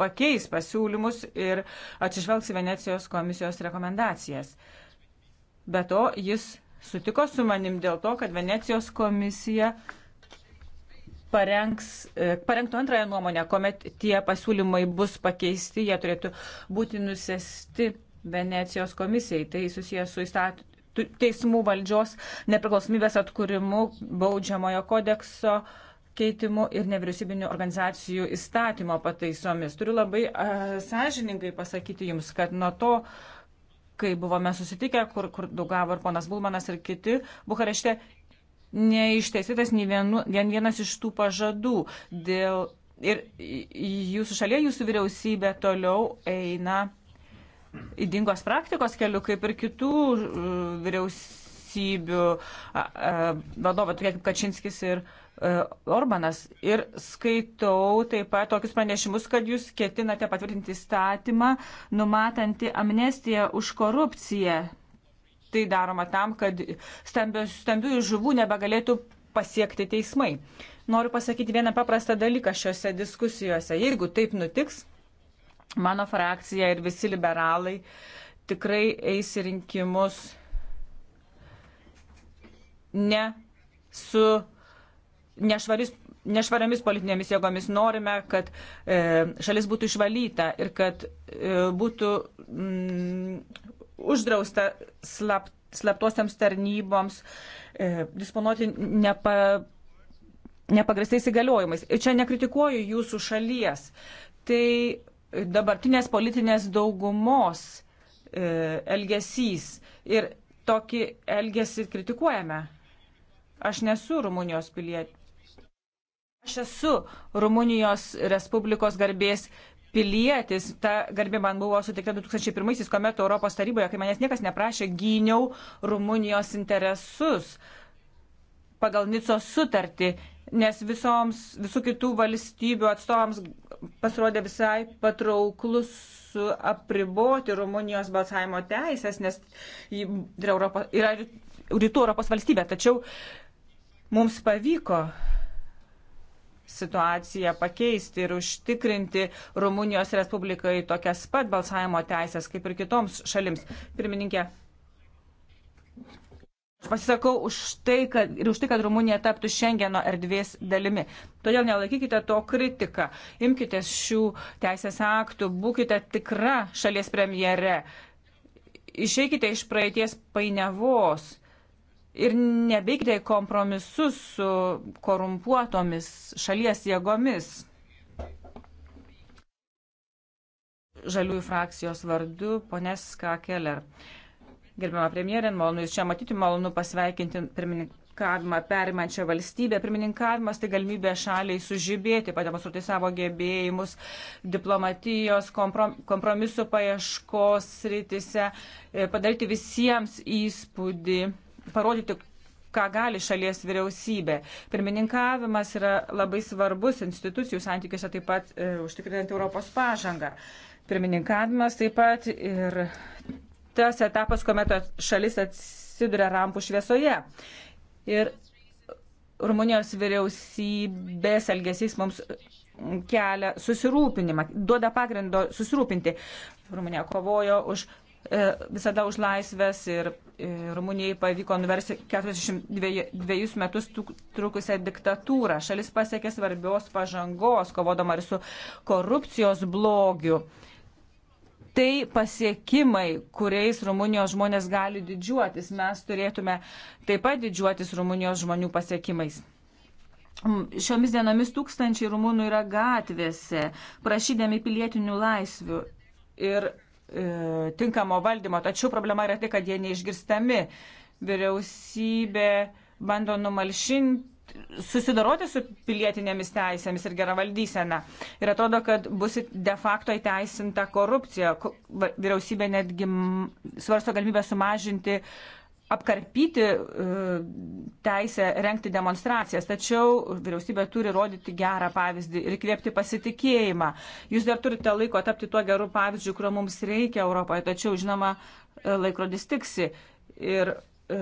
pakeis pasiūlymus ir atsižvelgs į Venecijos komisijos rekomendacijas. Be to, jis sutiko su manim dėl to, kad Venecijos komisija parengs, e, parengtų antrąją nuomonę, kuomet tie pasiūlymai bus pakeisti, jie turėtų būti nusesti Venecijos komisijai. Tai susijęs su įstatymu teismų valdžios nepriklausomybės atkūrimu, baudžiamojo kodekso keitimu ir nevyriausybinio organizacijų įstatymo pataisomis. Turiu labai uh, sąžiningai pasakyti Jums, kad nuo to, kai buvome susitikę, kur, kur daugavo ir ponas Bulmanas ir kiti Bukarešte, neišteisytas nei vienu, vien vienas iš tų pažadų. Dėl, ir jūsų šalia, jūsų vyriausybė toliau eina įdingos praktikos keliu, kaip ir kitų e, vyriausybių vadovų, tokie kaip Kačinskis ir e, Orbanas. Ir skaitau taip pat tokius pranešimus, kad jūs ketinate patvirtinti statymą, numatantį amnestiją už korupciją. Tai daroma tam, kad stambiųjų žuvų nebegalėtų pasiekti teismai. Noriu pasakyti vieną paprastą dalyką šiuose diskusijose. Jeigu taip nutiks, Mano frakcija ir visi liberalai tikrai eis į rinkimus ne su nešvaris, nešvariamis politinėmis jėgomis. Norime, kad e, šalis būtų išvalyta ir kad e, būtų mm, uždrausta slap, slaptosiams tarnyboms e, disponuoti nepa, nepagristais įgaliojimais. Ir čia nekritikuoju jūsų šalies. Tai dabartinės politinės daugumos e, elgesys ir tokį elgesį kritikuojame. Aš nesu Rumunijos pilietė. Aš esu Rumunijos Respublikos garbės pilietis. Ta garbė man buvo suteikta 2001-aisiais, kuomet Europos taryboje, kai manęs niekas neprašė, gyniau Rumunijos interesus pagal Nicos sutartį nes visoms, visų kitų valstybių atstovams pasirodė visai patrauklus apriboti Rumunijos balsavimo teisės, nes yra, Europa, yra rytų Europos valstybė. Tačiau mums pavyko situaciją pakeisti ir užtikrinti Rumunijos Respublikai tokias pat balsavimo teisės kaip ir kitoms šalims. Pirmininkė, Aš pasisakau už tai, kad, ir už tai, kad Rumunija taptų Šengeno erdvės dalimi. Todėl nelaikykite to kritiką. Imkite šių teisės aktų, būkite tikra šalies premjere. Išeikite iš praeities painiavos ir nebeikite į kompromisus su korumpuotomis šalies jėgomis. Žaliųjų frakcijos vardu pones Skakeler. Keller. Gerbiama premjerė, malonu Jūs čia matyti, malonu pasveikinti pirmininkavimą perimančią valstybę. Pirmininkavimas tai galimybė šaliai sužibėti, pademonstruoti savo gebėjimus diplomatijos, kompromisų paieškos rytise, e, padaryti visiems įspūdį, parodyti, ką gali šalies vyriausybė. Pirmininkavimas yra labai svarbus institucijų santykiuose taip pat e, užtikrinant Europos pažangą. Pirmininkavimas taip pat ir tas etapas, kuomet šalis atsiduria rampų šviesoje. Ir Rumunijos vyriausybės elgesys mums kelia susirūpinimą, duoda pagrindo susirūpinti. Rumunija kovojo už e, visada už laisvės ir e, Rumunijai pavyko nuversi 42 metus trukusią diktatūrą. Šalis pasiekė svarbios pažangos, kovodama ir su korupcijos blogiu tai pasiekimai, kuriais Rumunijos žmonės gali didžiuotis. Mes turėtume taip pat didžiuotis Rumunijos žmonių pasiekimais. Mm, Šiomis dienomis tūkstančiai rumūnų yra gatvėse, prašydami pilietinių laisvių ir e, tinkamo valdymo. Tačiau problema yra tai, kad jie neišgirstami. Vyriausybė bando numalšinti susidoroti su pilietinėmis teisėmis ir gera valdysena. Ir atrodo, kad bus de facto įteisinta korupcija. Vyriausybė netgi svarsto galimybę sumažinti, apkarpyti e, teisę renkti demonstracijas. Tačiau vyriausybė turi rodyti gerą pavyzdį ir kviepti pasitikėjimą. Jūs dar turite laiko tapti tuo geru pavyzdžiu, kurio mums reikia Europoje. Tačiau, žinoma, laikrodis tiksi. Ir E,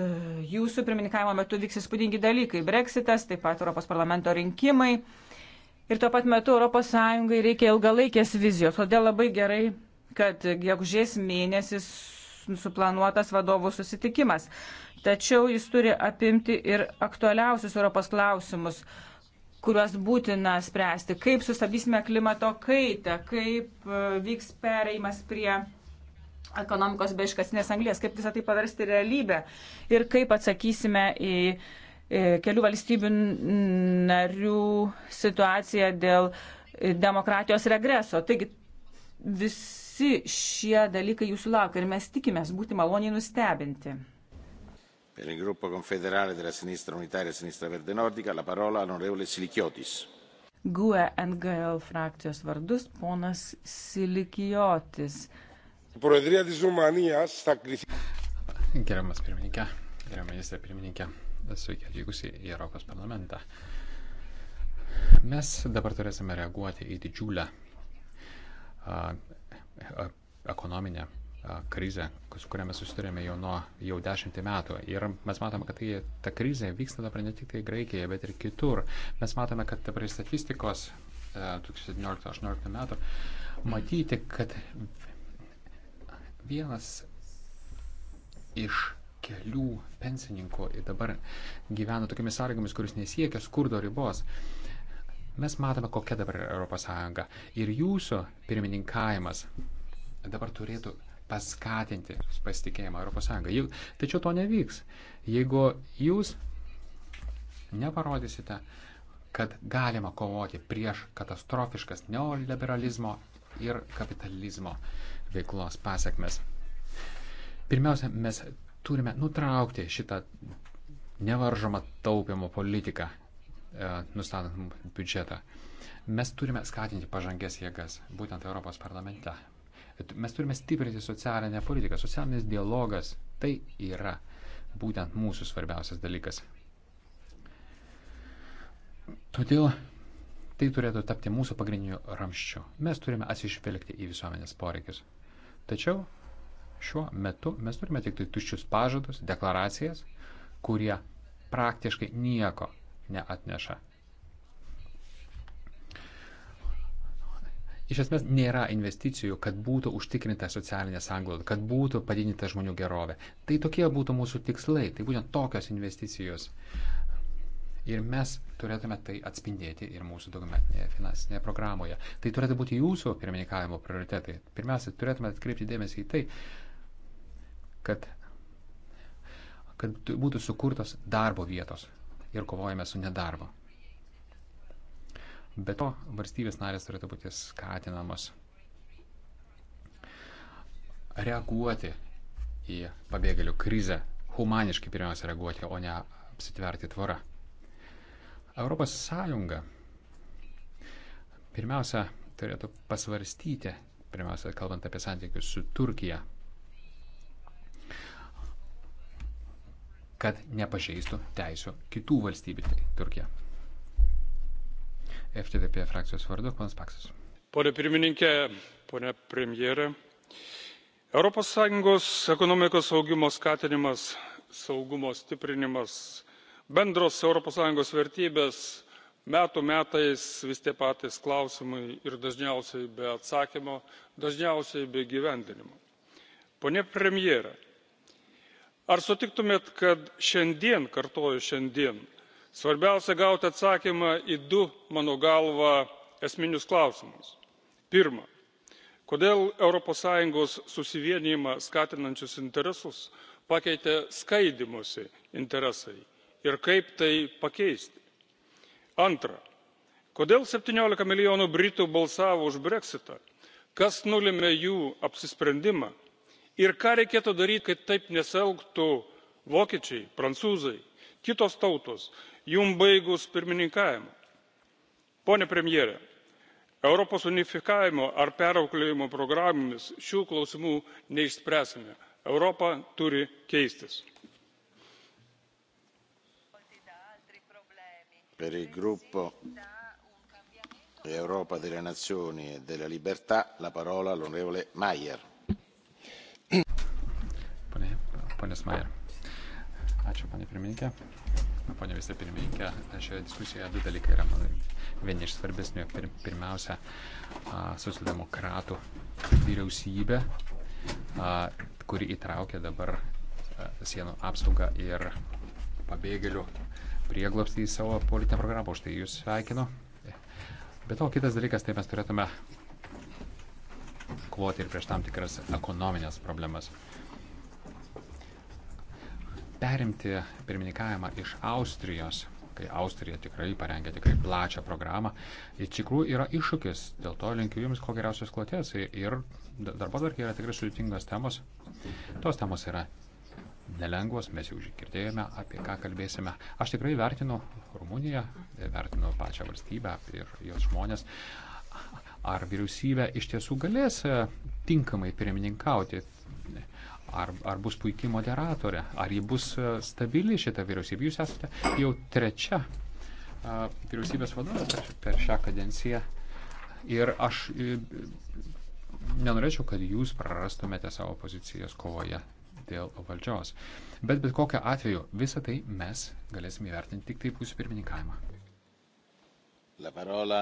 jūsų pirmininkavimo metu vyks įspūdingi dalykai. Brexitas, taip pat Europos parlamento rinkimai. Ir tuo pat metu ES reikia ilgalaikės vizijos. Todėl labai gerai, kad gegužės mėnesis suplanuotas vadovų susitikimas. Tačiau jis turi apimti ir aktualiausius Europos klausimus kuriuos būtina spręsti, kaip sustabdysime klimato kaitą, kaip e, vyks pereimas prie ekonomikos be iškasinės anglės, kaip visą tai paversti realybę ir kaip atsakysime į kelių valstybių narių situaciją dėl demokratijos regreso. Taigi visi šie dalykai jūsų laukia ir mes tikimės būti maloniai nustebinti. Per il gruppo confederale della sinistra unitaria e sinistra verde nordica la parola all'onorevole Silichiotis. GUE NGL frakcijos vardus ponas Silikiotis. Προεδρία της Ρουμανίας θα κριθεί. Gerbiamas pirmininkė, gerbiamas ministrė pirmininkė, sveiki atvykusi į Europos parlamentą. Mes dabar turėsime reaguoti į didžiulę a, a, ekonominę krizę, su kuria mes susidurėme jau, nuo, jau dešimtį metų. Ir mes matome, kad tai, ta krizė vyksta dabar ne tik tai Graikijoje, bet ir kitur. Mes matome, kad dabar statistikos 2017-2018 e, metų matyti, kad Vienas iš kelių pensininkų dabar gyvena tokiamis sąlygomis, kuris nesiekia skurdo ribos. Mes matome, kokia dabar yra ES. Ir jūsų pirmininkavimas dabar turėtų paskatinti pasitikėjimą ES. Tačiau to nevyks, jeigu jūs neparodysite, kad galima kovoti prieš katastrofiškas neoliberalizmo ir kapitalizmo veiklos pasiekmes. Pirmiausia, mes turime nutraukti šitą nevaržomą taupimo politiką, e, nustatant biudžetą. Mes turime skatinti pažangės jėgas, būtent Europos parlamente. Mes turime stiprinti socialinę politiką. Socialinis dialogas tai yra būtent mūsų svarbiausias dalykas. Todėl Tai turėtų tapti mūsų pagrindiniu ramščiu. Mes turime atsižvelgti į visuomenės poreikius. Tačiau šiuo metu mes turime tik tai tuščius pažadus, deklaracijas, kurie praktiškai nieko neatneša. Iš esmės nėra investicijų, kad būtų užtikrinta socialinė sanglauda, kad būtų padidinta žmonių gerovė. Tai tokie būtų mūsų tikslai, tai būtent tokios investicijos. Ir mes turėtume tai atspindėti ir mūsų dokumentinėje finansinėje programoje. Tai turėtų būti jūsų pirmininkavimo prioritetai. Pirmiausia, turėtume atkreipti dėmesį į tai, kad, kad būtų sukurtos darbo vietos ir kovojame su nedarbo. Be to, valstybės narės turėtų būti skatinamos reaguoti į pabėgėlių krizę, humaniškai pirmiausia reaguoti, o ne apsitverti tvorą. Europos Sąjunga pirmiausia turėtų pasvarstyti, pirmiausia, kalbant apie santykius su Turkija, kad nepažeistų teisų kitų valstybių, tai Turkija. FTVP frakcijos vardu, ponas Paksas. Pone pirmininkė, pone premjerė, ES ekonomikos augimo skatinimas, saugumo stiprinimas bendros europos sąjungos vertybės metų metais vis tie patys klausimai ir dažniausiai be atsakymo dažniausiai be įgyvendinimo. pone premjere ar sutiktumėte kad šiandien kartoju šiandien svarbiausia gauti atsakymą į du mano galva esminius klausimus. pirma kodėl europos sąjungos susivienijimą skatinančius interesus pakeitė skaidymosi interesai ir kaip tai pakeisti. antra kodėl septyniolika milijonų britų balsavo už breksitą kas nulėmė jų apsisprendimą ir ką reikėtų daryti kad taip nesielgtų vokiečiai prancūzai kitos tautos jums baigus pirmininkavimą. pone premjere europos unifikavimo ar perauklėjimo programomis šių klausimų neišspręsime europa turi keistis. per il gruppo europa delle nazioni e delle libertà la parola all'onorevole Mayer. Ponas Mayer. Ačiū, panė pirmininkė. Pane vicepirmininkė, šioje diskusijoje du dalykai yra man vieni iš svarbesnių. Pir, pirmiausia, socialdemokratų vyriausybė, kuri įtraukė dabar sienų apsaugą ir pabėgėlių prieglopstį į savo politinę programą. Už tai jūs sveikinu. Bet to kitas dalykas, tai mes turėtume kovoti ir prieš tam tikras ekonominės problemas. Perimti pirmininkavimą iš Austrijos, kai Austrija tikrai parengė tikrai plačią programą, iš tikrųjų yra iššūkis. Dėl to linkiu Jums ko geriausios kloties. Ir darbo darkiai yra tikrai sudėtingos temos. Tos temos yra nelengvos, mes jau girdėjome, apie ką kalbėsime. Aš tikrai vertinu Rumuniją, vertinu pačią valstybę ir jos žmonės. Ar vyriausybė iš tiesų galės e, tinkamai pirmininkauti? Ar, ar bus puikiai moderatorė? Ar ji bus e, stabili šita vyriausybė? Jūs esate jau trečia e, vyriausybės vadovas per šią kadenciją. Ir aš nenorėčiau, kad jūs prarastumėte savo pozicijas kovoje dėl valdžios. Bet bet kokiu atveju visą tai mes galėsime įvertinti tik tai mūsų pirmininkavimą. La parola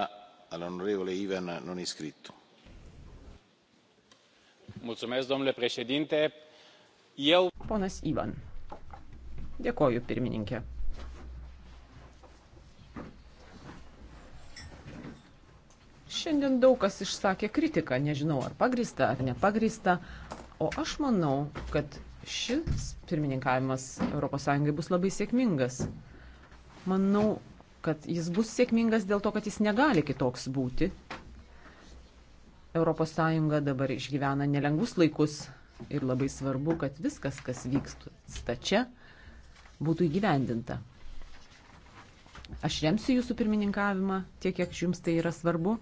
all'onorevole Ivan non iscritto. Mulțumesc, domnule președinte. Eu... Ponas Ivan. Dėkoju, pirmininkė. Šiandien daug kas išsakė kritiką, nežinau ar pagrįsta ar nepagrįsta, o aš manau, kad šis pirmininkavimas ES bus labai sėkmingas. Manau, kad jis bus sėkmingas dėl to, kad jis negali kitoks būti. ES dabar išgyvena nelengvus laikus ir labai svarbu, kad viskas, kas vyksta čia, būtų įgyvendinta. Aš remsiu jūsų pirmininkavimą tiek, kiek jums tai yra svarbu,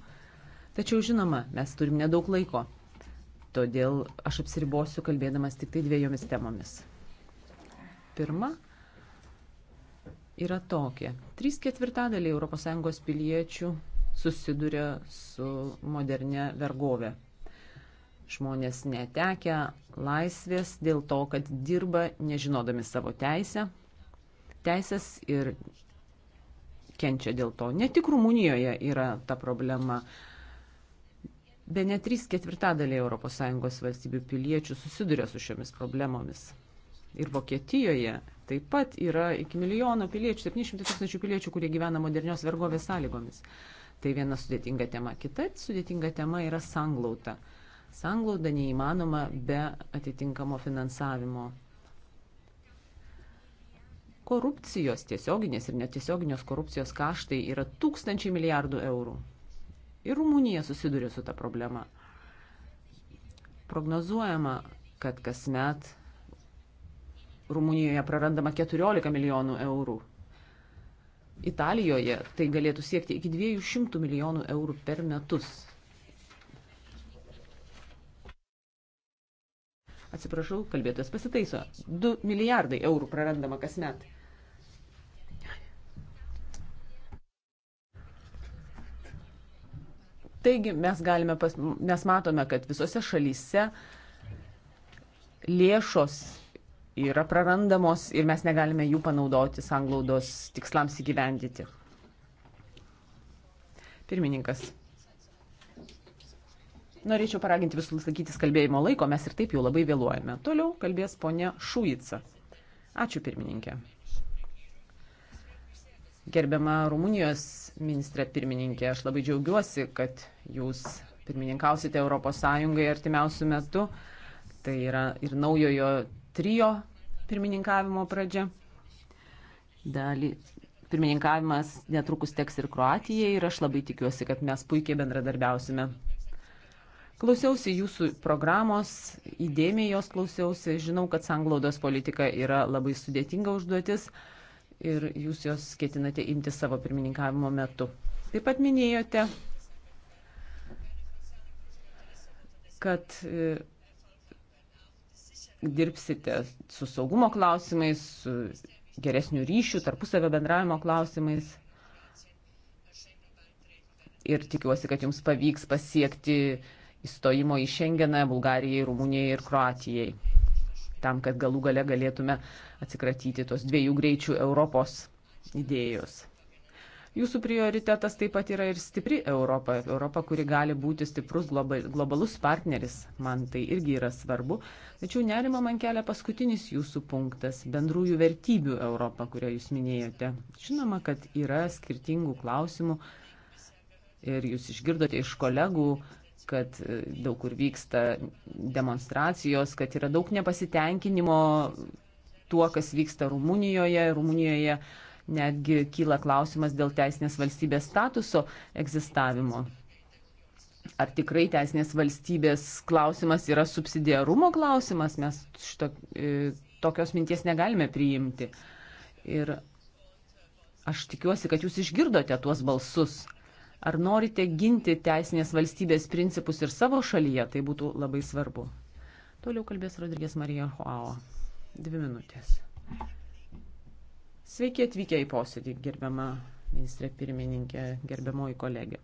tačiau žinoma, mes turim nedaug laiko todėl aš apsiribosiu kalbėdamas tik tai dviejomis temomis. Pirma yra tokia. Trys ketvirtadaliai ES piliečių susiduria su modernė vergovė. Žmonės netekia laisvės dėl to, kad dirba nežinodami savo teisę, teisės ir kenčia dėl to. Ne tik Rumunijoje yra ta problema. Be net trys ketvirtadaliai ES valstybių piliečių susiduria su šiomis problemomis. Ir Vokietijoje taip pat yra iki milijono piliečių, 700 tūkstančių piliečių, kurie gyvena modernios vergovės sąlygomis. Tai viena sudėtinga tema. Kita sudėtinga tema yra sanglauta. Sanglauda neįmanoma be atitinkamo finansavimo. Korupcijos, tiesioginės ir netiesioginės korupcijos kaštai yra tūkstančiai milijardų eurų. Ir Rumunija susiduria su ta problema. Prognozuojama, kad kasmet Rumunijoje prarandama 14 milijonų eurų. Italijoje tai galėtų siekti iki 200 milijonų eurų per metus. Atsiprašau, kalbėtojas pasitaiso. 2 milijardai eurų prarandama kasmet. Taigi mes, galime, pas, mes matome, kad visose šalyse lėšos yra prarandamos ir mes negalime jų panaudoti sanglaudos tikslams įgyvendyti. Pirmininkas. Norėčiau paraginti visus laikytis kalbėjimo laiko, mes ir taip jau labai vėluojame. Toliau kalbės ponia Šuica. Ačiū pirmininkė. Gerbiama Rumunijos ministrė pirmininkė, aš labai džiaugiuosi, kad jūs pirmininkausite ES artimiausių metų. Tai yra ir naujojo trijo pirmininkavimo pradžia. Dalį pirmininkavimas netrukus teks ir Kroatijai ir aš labai tikiuosi, kad mes puikiai bendradarbiausime. Klausiausi jūsų programos, įdėmiai jos klausiausi, žinau, kad sanglaudos politika yra labai sudėtinga užduotis, ir jūs jos ketinate imti savo pirmininkavimo metu. Taip pat minėjote, kad e, dirbsite su saugumo klausimais, su geresnių ryšių, tarpusavio bendravimo klausimais. Ir tikiuosi, kad jums pavyks pasiekti įstojimo į Šengeną Bulgarijai, Rumunijai ir Kroatijai tam, kad galų gale galėtume atsikratyti tos dviejų greičių Europos idėjos. Jūsų prioritetas taip pat yra ir stipri Europa, Europa, kuri gali būti stiprus globalus partneris, man tai irgi yra svarbu, tačiau nerima man kelia paskutinis jūsų punktas - bendrųjų vertybių Europa, kurią jūs minėjote. Žinoma, kad yra skirtingų klausimų ir jūs išgirdote iš kolegų, kad e, daug kur vyksta demonstracijos, kad yra daug nepasitenkinimo tuo, kas vyksta Rumunijoje. Rumunijoje netgi kyla klausimas dėl teisinės valstybės statuso egzistavimo. Ar tikrai teisinės valstybės klausimas yra subsidiarumo klausimas, mes šito, e, tokios minties negalime priimti. Ir aš tikiuosi, kad jūs išgirdote tuos balsus Ar norite ginti teisinės valstybės principus ir savo šalyje, tai būtų labai svarbu. Toliau kalbės Rodrygės Marija Huao. Dvi minutės. Sveiki atvykę į posėdį, gerbiama ministrė pirmininkė, gerbiamoji kolegė.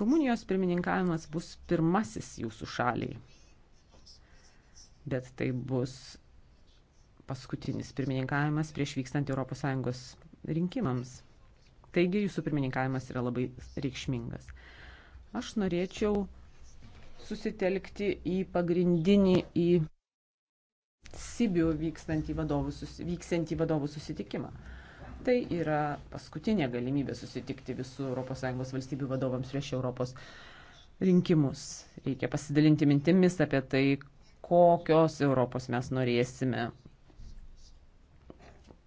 Rumunijos pirmininkavimas bus pirmasis jūsų šaliai. Bet tai bus paskutinis pirmininkavimas prieš vykstant ES rinkimams. Taigi jūsų pirmininkavimas yra labai reikšmingas. Aš norėčiau susitelkti į pagrindinį, į Sibiu vykstantį vadovų, vyksiantį vadovų susitikimą. Tai yra paskutinė galimybė susitikti visų ES valstybių vadovams prieš Europos rinkimus. Reikia pasidalinti mintimis apie tai, kokios Europos mes norėsime,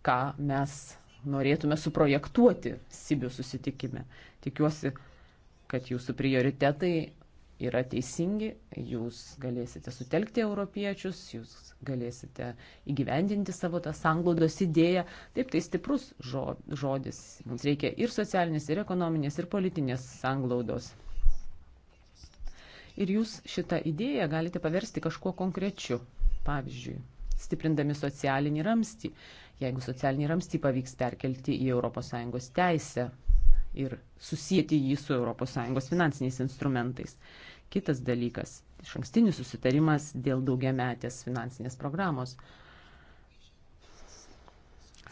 ką mes norėtume suprojektuoti Sibių susitikime. Tikiuosi, kad jūsų prioritetai yra teisingi, jūs galėsite sutelkti europiečius, jūs galėsite įgyvendinti savo tą sanglaudos idėją. Taip, tai stiprus žodis. Mums reikia ir socialinės, ir ekonominės, ir politinės sanglaudos. Ir jūs šitą idėją galite paversti kažkuo konkrečiu. Pavyzdžiui, stiprindami socialinį ramstį, jeigu socialinį ramstį pavyks perkelti į ES teisę ir susijęti jį su ES finansiniais instrumentais. Kitas dalykas - iš ankstinis susitarimas dėl daugiametės finansinės programos.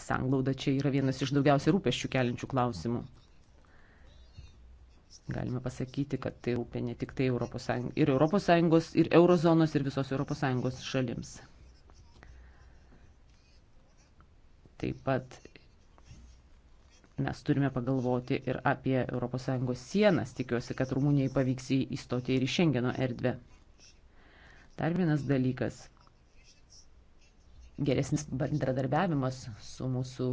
Sanglauda čia yra vienas iš daugiausiai rūpeščių keliančių klausimų. Galime pasakyti, kad tai rūpia ne tik tai ES, ir ES, ir Eurozonos, ir visos ES šalims. Taip pat mes turime pagalvoti ir apie ES sienas. Tikiuosi, kad Rumunijai pavyks įstoti ir į Šengeno erdvę. Dar vienas dalykas - geresnis bendradarbiavimas su mūsų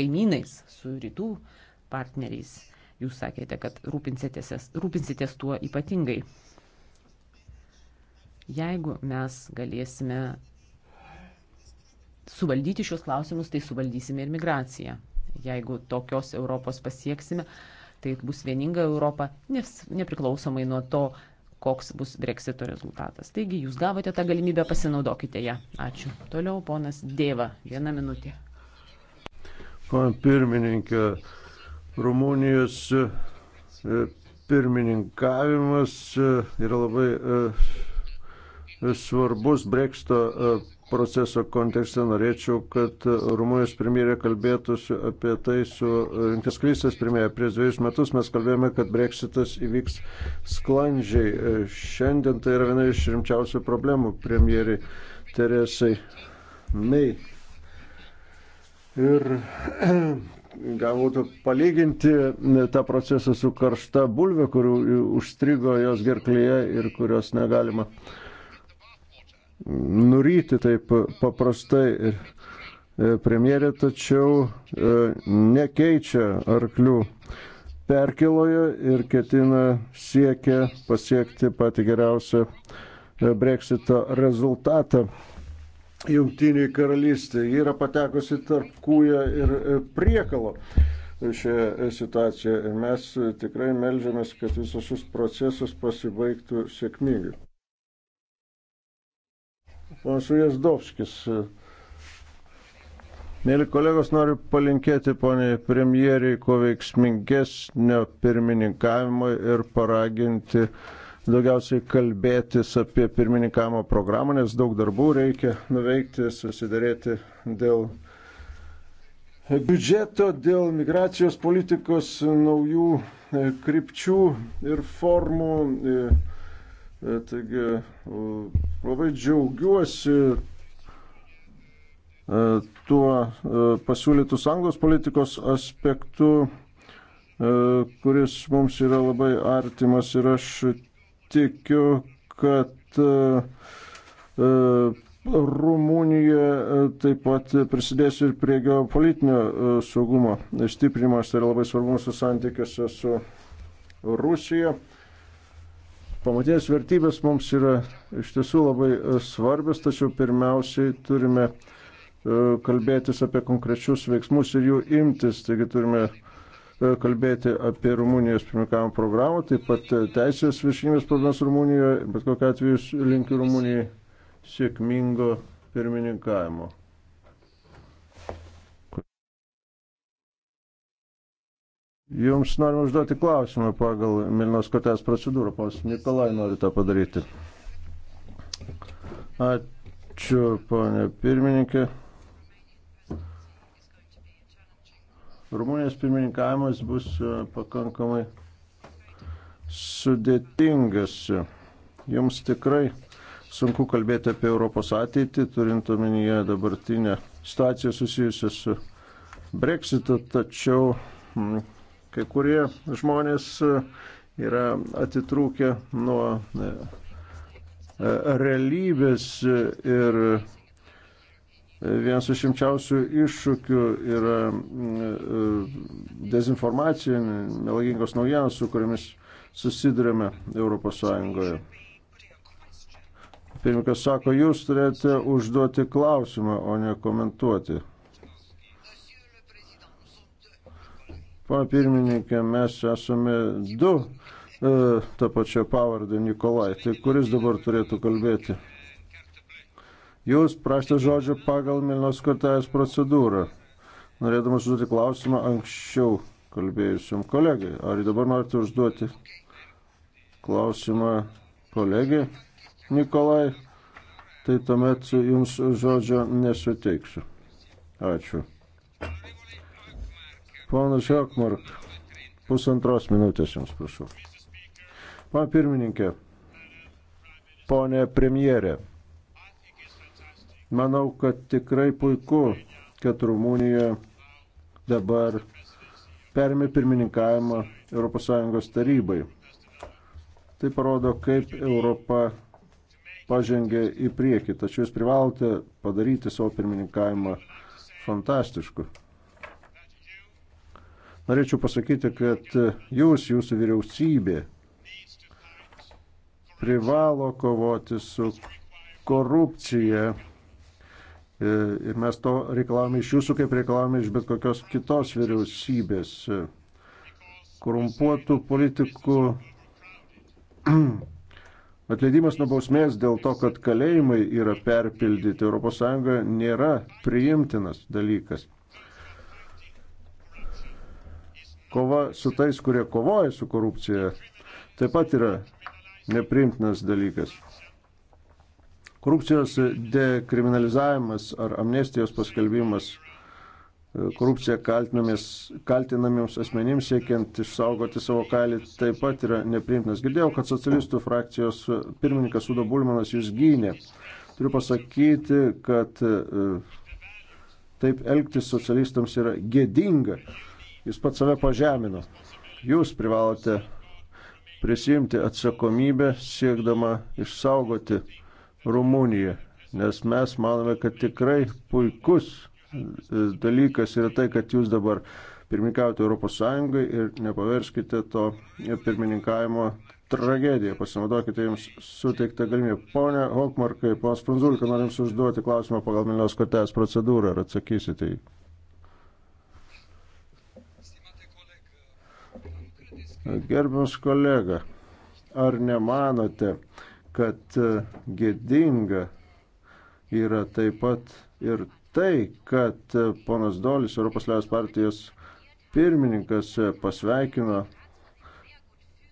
kaimynais, su rytų partneriais. Jūs sakėte, kad rūpinsitės, rūpinsitės tuo ypatingai. Jeigu mes galėsime suvaldyti šios klausimus, tai suvaldysime ir migraciją. Jeigu tokios Europos pasieksime, tai bus vieninga Europa, nes nepriklausomai nuo to, koks bus breksito rezultatas. Taigi jūs gavote tą galimybę, pasinaudokite ją. Ačiū. Toliau ponas Dėva, viena minutė. Pana pirmininkė, Rumunijos e, pirmininkavimas e, yra labai e, svarbus breksito proceso kontekste norėčiau, kad Rumunijos premjerė kalbėtųsi apie tai su e, Junktinės krystės premjerė. Prieš dviejus metus mes kalbėjome, kad breksitas įvyks sklandžiai. E, šiandien tai yra viena iš rimčiausių problemų premjeriai Teresai Mei. Ir e, galbūt palyginti tą procesą su karšta bulvė, kurių užstrigo jos gerklėje ir kurios negalima nuryti taip paprastai. E, premjerė tačiau e, nekeičia arklių perkeloje ir ketina siekia pasiekti patį geriausią e, breksito rezultatą. Jungtiniai karalystė yra patekusi tarp kūjo ir priekalo šią situaciją. Ir mes tikrai melžiamės, kad visas šis procesas pasibaigtų sėkmingai. Ponas Ujazdovskis. Mėly kolegos, noriu palinkėti poniai premjeriai kuo veiksmingesnio pirmininkavimo ir paraginti daugiausiai kalbėtis apie pirmininkavimo programą, nes daug darbų reikia nuveikti, susidarėti dėl biudžeto, dėl migracijos politikos naujų e, krypčių ir formų. Ir e, E, taigi labai džiaugiuosi e, tuo e, pasiūlytų sąjungos politikos aspektu, kuris mums yra labai artimas ir aš tikiu, kad Rumunija taip pat prisidės ir prie geopolitinio saugumo stiprinimas, tai yra labai svarbu mūsų santykiuose su Rusija. Pamatinės vertybės mums yra iš tiesų labai e, svarbios, tačiau pirmiausiai turime e, kalbėtis apie konkrečius veiksmus ir jų imtis. Taigi turime e, kalbėti apie Rumunijos pirmininkavimo programą, taip pat teisės viršinimės problemas Rumunijoje, bet kokiu atveju linkiu Rumunijai sėkmingo pirmininkavimo. Jums norim užduoti klausimą pagal Milnos kotės procedūrą. Pas Nikolai nori tą padaryti. Ačiū, ponė pirmininkė. Rumunijos pirmininkavimas bus e, pakankamai sudėtingas. Jums tikrai sunku kalbėti apie Europos ateitį, turint omenyje dabartinę situaciją susijusią su Brexitu, tačiau mm, Kai kurie žmonės e, yra atitrūkę nuo e, e, realybės ir vienas iš šimčiausių iššūkių yra dezinformacija, melagingos naujienos, su kuriamis susidurėme Europos Sąjungoje. Pirmininkas sako, jūs turėte užduoti klausimą, o ne komentuoti. Pana pirmininkė, mes esame du e, tą pačią pavardę Nikolai. Tai kuris dabar turėtų kalbėti? Jūs prašėte žodžio pagal Milnos kortelės procedūrą. Norėdamas užduoti klausimą anksčiau kalbėjusiam kolegai. Ar dabar norite užduoti klausimą kolegai Nikolai? Tai tuomet jums žodžio nesuteiksiu. Ačiū. Ponas Jokmar, pusantros minutės jums prašau. Pana pirmininkė, ponė premjerė, manau, kad tikrai puiku, kad Rumunija dabar perėmė pirmininkavimą ES tarybai. Tai parodo, kaip Europa pažengė į priekį, tačiau jūs privalote padaryti savo pirmininkavimą fantastišku. Norėčiau pasakyti, kad jūs, jūsų vyriausybė, privalo kovoti su korupcija. E, ir mes to reikalavome iš jūsų, kaip reikalavome iš bet kokios kitos vyriausybės. Korumpuotų politikų <clears throat> Atleidimas nuo bausmės dėl to, kad kalėjimai yra perpildyti ES nėra priimtinas dalykas. kova su tais, kurie kovoja su korupcija, taip pat yra neprimtinas dalykas. Korupcijos dekriminalizavimas ar amnestijos paskelbimas korupcija kaltinamiems asmenims siekiant išsaugoti savo kailį taip pat yra neprimtinas. Girdėjau, kad socialistų frakcijos pirmininkas Udo Bulmanas jūs gynė. Turiu pasakyti, kad e, taip elgtis socialistams yra gėdinga. Jūs pats save pažemino. Jūs privalote prisijimti atsakomybę siekdama išsaugoti Rumuniją, nes mes manome, kad tikrai puikus e, dalykas yra tai, kad jūs dabar pirmininkavote Europos Sąjungai ir nepaverskite to pirmininkavimo tragediją. Pasinaudokite jums suteiktą galimybę. Pone Hokmarkai, ponas Pranzulka, norim užduoti klausimą pagal Milnios kortelės procedūrą ir atsakysite į jį. Gerbiamas kolega, ar nemanote, kad e, gėdinga yra taip pat ir tai, kad e, ponas Dolis, Europos Liaudės partijos pirmininkas, e, pasveikino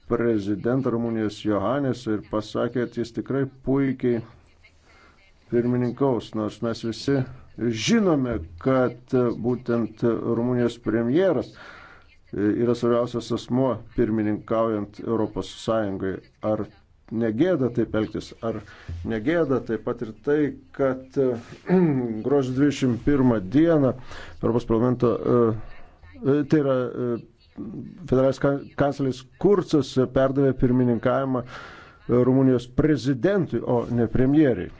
prezidentą Rumunijos Johanės ir pasakė, kad jis tikrai puikiai pirmininkaus, nors mes visi žinome, kad būtent Rumunijos premjeras E, yra svarbiausias asmuo pirmininkaujant Europos Sąjungai. Ar negėda taip elgtis, ar negėda taip pat ir tai, kad e, <clears throat> gruodžio 21 dieną Europos parlamento, e, tai yra federalinis kancleris Kurcas perdavė pirmininkavimą Rumunijos prezidentui, o ne premjeriai.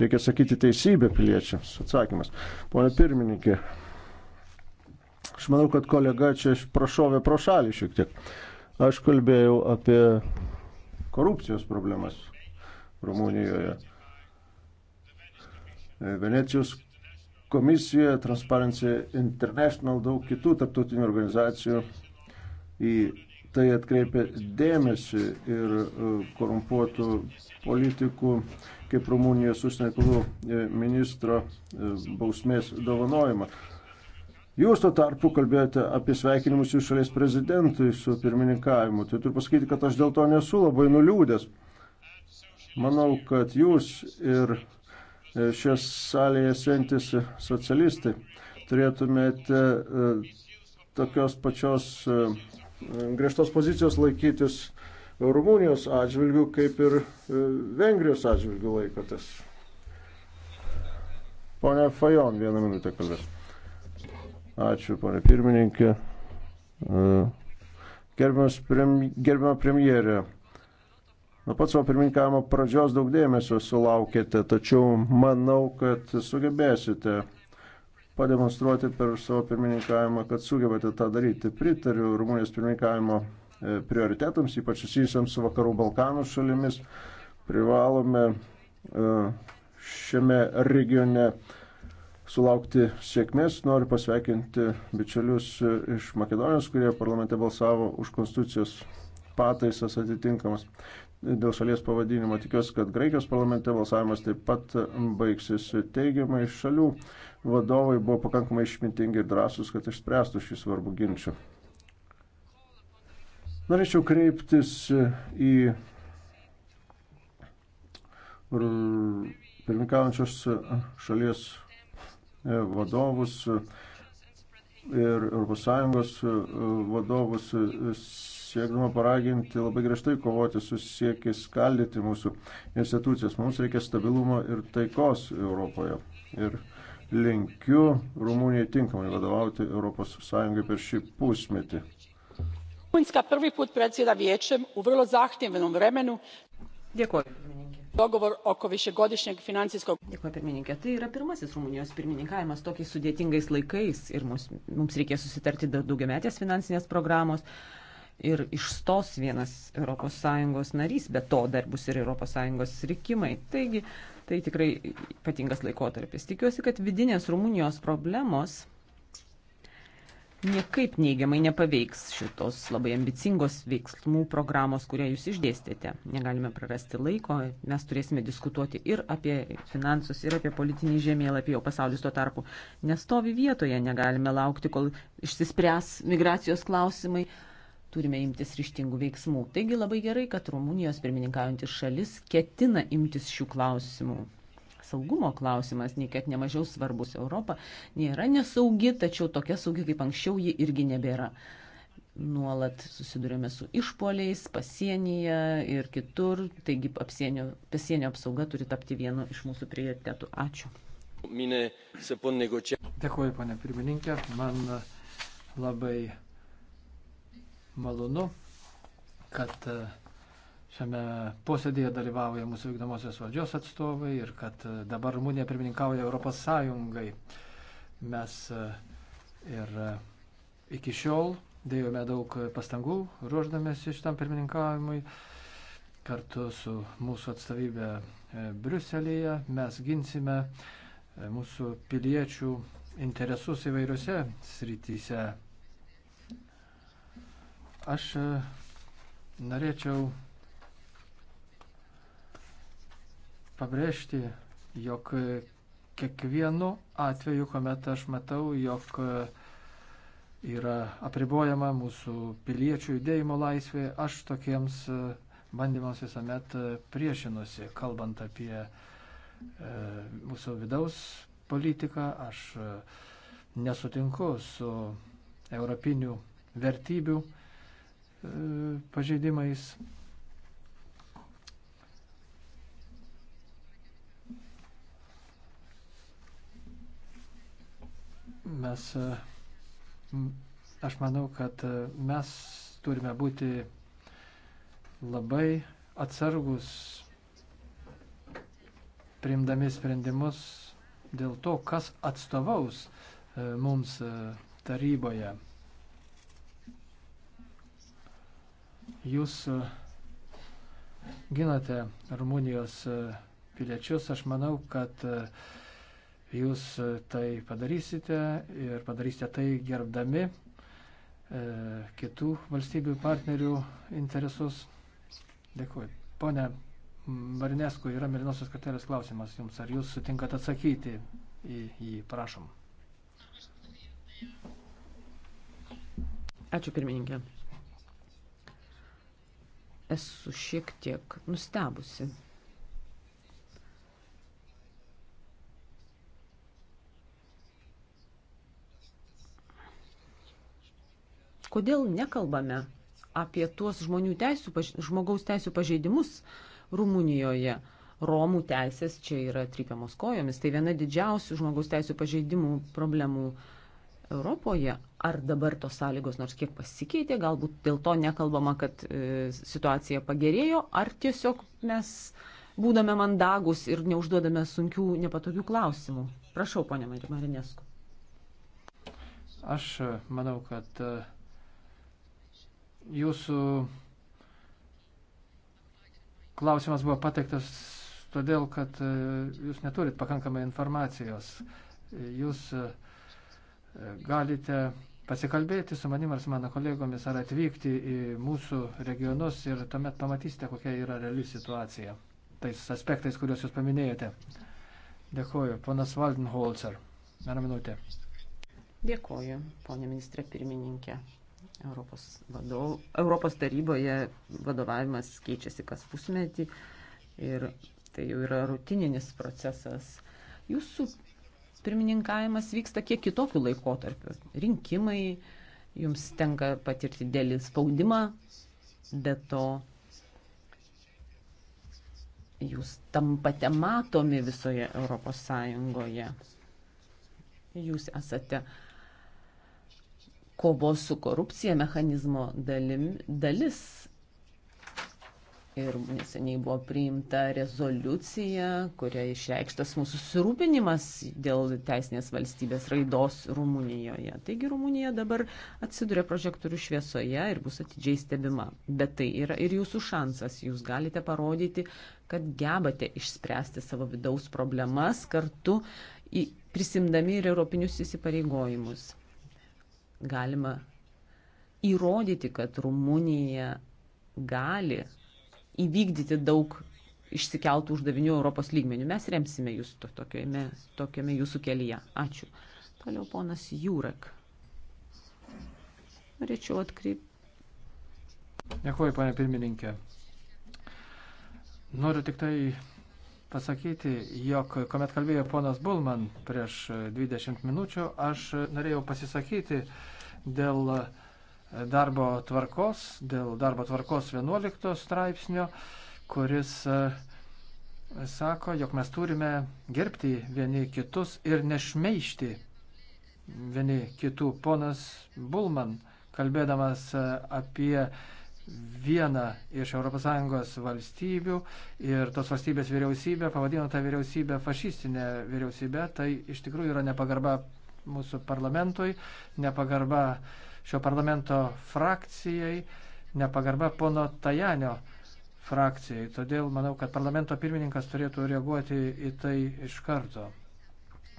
Reikia sakyti teisybę piliečiams. Atsakymas. Pone pirmininkė, Aš manau, kad kolega čia prašovė pro šalį šiek tiek. Aš kalbėjau apie korupcijos problemas Rumunijoje. Venecijos komisija, Transparency International, daug kitų tarptautinių organizacijų į tai atkreipia dėmesį ir e, korumpuotų politikų, kaip Rumunijos užsienio reikalų e, ministro e, bausmės dovanojimą. Jūs tuo tarpu kalbėjote apie sveikinimus jų šalies prezidentui su pirmininkavimu. Tai turiu pasakyti, kad aš dėl to nesu labai nuliūdęs. Manau, kad jūs ir e, šią salėje sentis socialistai turėtumėte e, tokios pačios e, griežtos pozicijos laikytis Rumunijos atžvilgių, kaip ir Vengrijos atžvilgių laikotės. Pone Fajon, vieną minutę kalbės. Ačiū, ponė pirmininkė. E, gerbiamas premjerė. premjerė. Nuo pat savo pirmininkavimo pradžios daug dėmesio sulaukėte, tačiau manau, kad sugebėsite pademonstruoti per savo pirmininkavimą, kad sugebate tą daryti. Pritariu Rumunijos pirmininkavimo e, prioritetams, ypač susijusiams su Vakarų Balkanų šalimis. Privalome e, šiame regione sulaukti sėkmės. Noriu pasveikinti bičiulius e, iš Makedonijos, kurie parlamente balsavo už konstitucijos pataisas atitinkamas dėl šalies pavadinimo. Tikiuosi, kad Graikijos parlamente balsavimas taip pat baigsis teigiamai. Šalių vadovai buvo pakankamai išmintingi ir drąsus, kad išspręstų šį svarbų ginčą. Norėčiau kreiptis į pirmininkaujančios šalies E, vadovus e, ir ES e, vadovus siekdama paraginti labai griežtai kovoti su siekiai skaldyti mūsų institucijas. Mums reikia stabilumo ir taikos Europoje. Ir linkiu Rumunijai tinkamai vadovauti ES per šį pusmetį. Rumunska prvi put predsjeda vijećem u vrlo zahtjevnom vremenu. Dėkuoju. Dogovor oko višegodišnjeg financijskog. Dėkuoju, pirmininkė. Tai yra pirmasis Rumunijos pirmininkavimas tokiais sudėtingais laikais ir mums, mums reikės susitarti dėl daugiametės finansinės programos. Ir išstos vienas ES narys, bet to dar bus ir ES rikimai. Taigi, tai tikrai ypatingas laikotarpis. Tikiuosi, kad vidinės Rumunijos problemos niekaip neigiamai nepaveiks šitos labai ambicingos veiksmų programos, kurią jūs išdėstėte. Negalime prarasti laiko, mes turėsime diskutuoti ir apie finansus, ir apie politinį žemėlapį, o pasaulis tuo tarpu nestovi vietoje, negalime laukti, kol išsispręs migracijos klausimai. Turime imtis ryštingų veiksmų. Taigi labai gerai, kad Rumunijos pirmininkaujantis šalis ketina imtis šių klausimų saugumo klausimas, nei kad nemažiau svarbus. Europa nėra nesaugi, tačiau tokia saugi kaip anksčiau ji irgi nebėra. Nuolat susidurėme su išpoliais pasienyje ir kitur, taigi apsienio, pasienio apsauga turi tapti vienu iš mūsų prioritetų. Ačiū. Dėkuoju, ponė pirmininkė. Man labai malonu, kad uh, šiame posėdėje dalyvauja mūsų vykdomosios valdžios atstovai ir kad dabar Rumunija pirmininkauja Europos Sąjungai. Mes e, ir e, iki šiol dėjome daug pastangų ruoždamėsi šitam pirmininkavimui. Kartu su mūsų atstovybė e, Briuselėje mes ginsime mūsų piliečių interesus įvairiose srityse. Aš norėčiau pabrėžti, jog kiekvienu atveju, kuomet aš matau, jog e, yra apribojama mūsų piliečių judėjimo laisvė, aš tokiems e, bandymams visuomet e, priešinusi, kalbant apie e, mūsų vidaus politiką, aš nesutinku su europinių vertybių e, pažeidimais Mes, e, aš manau, kad e, mes turime būti labai atsargus priimdami sprendimus dėl to, kas atstovaus e, mums taryboje. Jūs ginate Rumunijos piliečius, aš manau, kad Jūs e, tai padarysite ir padarysite tai gerbdami e, kitų valstybių partnerių interesus. Dėkuoju. Pone Marinesku, yra Mirinosios kartelės klausimas jums. Ar jūs sutinkat atsakyti į jį? Prašom. Ačiū pirmininkė. Esu šiek tiek nustebusi Kodėl nekalbame apie tuos žmonių teisų, žmogaus teisų pažeidimus Rumunijoje? Romų teisės čia yra trypiamos kojomis. Tai viena didžiausių žmogaus teisų pažeidimų problemų Europoje. Ar dabar tos sąlygos nors kiek pasikeitė, galbūt dėl to nekalbama, kad e, situacija pagerėjo, ar tiesiog mes būdame mandagus ir neužduodame sunkių, nepatogių klausimų. Prašau, ponė Marinesku. Aš e, manau, kad e, Jūsų klausimas buvo pateiktas todėl, kad e, jūs neturit pakankamai informacijos. Jūs e, galite pasikalbėti su manim ar su mano kolegomis, ar atvykti į mūsų regionus ir tuomet pamatysite, kokia yra reali situacija. Tais aspektais, kuriuos jūs paminėjote. Dėkuoju. Ponas Valdenholzer. Vieną minutę. Dėkuoju, ponė ministrė pirmininkė. Europos, vadov, Europos taryboje vadovavimas keičiasi kas pusmetį ir tai jau yra rutininis procesas. Jūsų pirmininkavimas vyksta kiek kitokiu laikotarpiu. Rinkimai, jums tenka patirti dėlį spaudimą, bet to jūs tampate matomi visoje Europos Sąjungoje. Jūs esate uh, kovos su korupcija mechanizmo dalim, dalis. Ir neseniai buvo priimta rezoliucija, kuria išreikštas mūsų susirūpinimas dėl teisinės valstybės raidos Rumunijoje. Taigi Rumunija dabar atsiduria projektorių šviesoje ir bus atidžiai stebima. Bet tai yra ir jūsų šansas. Jūs galite parodyti, kad gebate išspręsti savo vidaus problemas kartu prisimdami ir europinius įsipareigojimus galima įrodyti, kad Rumunija gali įvykdyti daug išsikeltų uždavinių Europos lygmenių. Mes remsime jūs to, tokiame, tokiame jūsų kelyje. Ačiū. Toliau ponas Jūrek. Norėčiau atkreipti. Dėkuoju, ponė pirmininkė. Noriu tik tai pasakyti, jog kuomet kalbėjo ponas Bulman prieš 20 minučių, aš norėjau pasisakyti dėl e, darbo tvarkos, dėl darbo tvarkos 11 straipsnio, kuris e, sako, jog mes turime gerbti vieni kitus ir nešmeišti vieni kitų. Ponas Bulman, kalbėdamas e, apie vieną iš ES valstybių ir tos valstybės vyriausybę, pavadino tą vyriausybę fašistinę vyriausybę, tai iš tikrųjų yra nepagarba mūsų parlamentui, nepagarba šio parlamento frakcijai, nepagarba pono Tajanio frakcijai. Todėl manau, kad parlamento pirmininkas turėtų reaguoti į tai iš karto.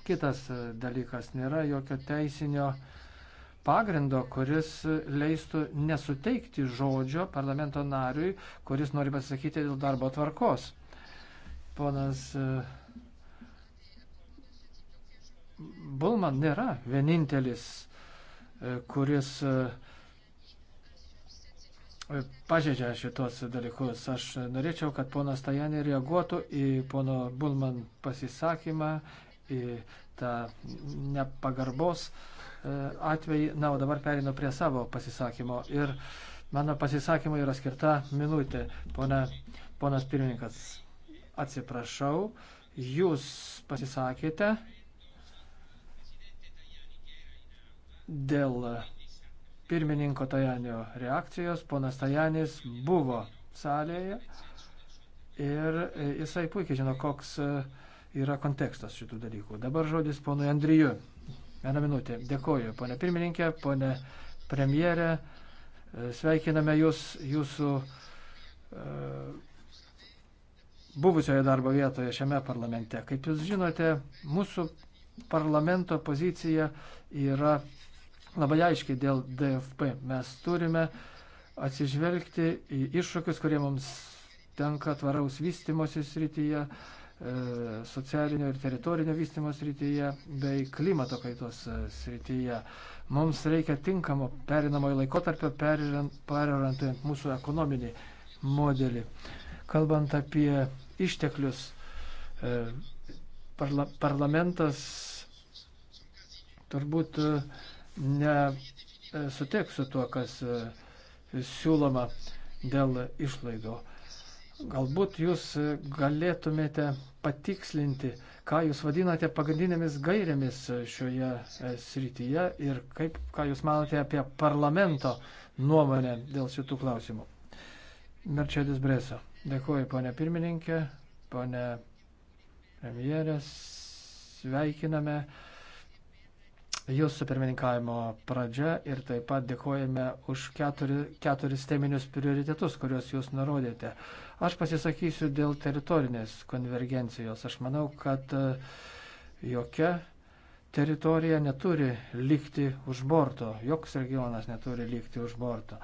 Kitas e, dalykas nėra jokio teisinio pagrindo, kuris leistų nesuteikti žodžio parlamento nariui, kuris nori pasakyti dėl darbo tvarkos. Ponas uh, Bulman nėra vienintelis, e, kuris e, e, pažeidžia šitos dalykus. Aš norėčiau, kad ponas Tajani reaguotų į pono Bulman pasisakymą, į tą nepagarbos atvejį. Na, o dabar perinu prie savo pasisakymo. Ir mano pasisakymui yra skirta minutė. Pone, ponas pirmininkas, atsiprašau, jūs pasisakėte. Dėl pirmininko Tajanio reakcijos ponas Tajanis buvo salėje ir jisai puikiai žino, koks yra kontekstas šitų dalykų. Dabar žodis ponui Andriju. Vieną minutę. Dėkoju, ponė pirmininkė, ponė premjerė. Sveikiname jūs jūsų e, buvusioje darbo vietoje šiame parlamente. Kaip jūs žinote, mūsų parlamento pozicija yra labai aiškiai dėl DFP. Mes turime atsižvelgti į iššūkius, kurie mums tenka tvaraus vystimosi srityje, e, socialinio ir teritorinio vystimo srityje bei klimato kaitos e, srityje. Mums reikia tinkamo perinamojo laikotarpio perorientuojant mūsų ekonominį modelį. Kalbant apie išteklius, e, parla parlamentas turbūt uh, nesutiks su tuo, kas e, siūloma dėl išlaidų. Galbūt jūs galėtumėte patikslinti, ką jūs vadinate pagrindinėmis gairėmis šioje e, srityje ir kaip, ką jūs manote apie parlamento nuomonę dėl šitų klausimų. Merčedis Breso. Dėkuoju, ponė pirmininkė, ponė premjerė, sveikiname jūsų pirmininkavimo pradžia ir taip pat dėkojame už keturi, keturis teminius prioritetus, kuriuos jūs nurodėte. Aš pasisakysiu dėl teritorinės konvergencijos. Aš manau, kad e, jokia teritorija neturi likti už borto, joks regionas neturi likti už borto.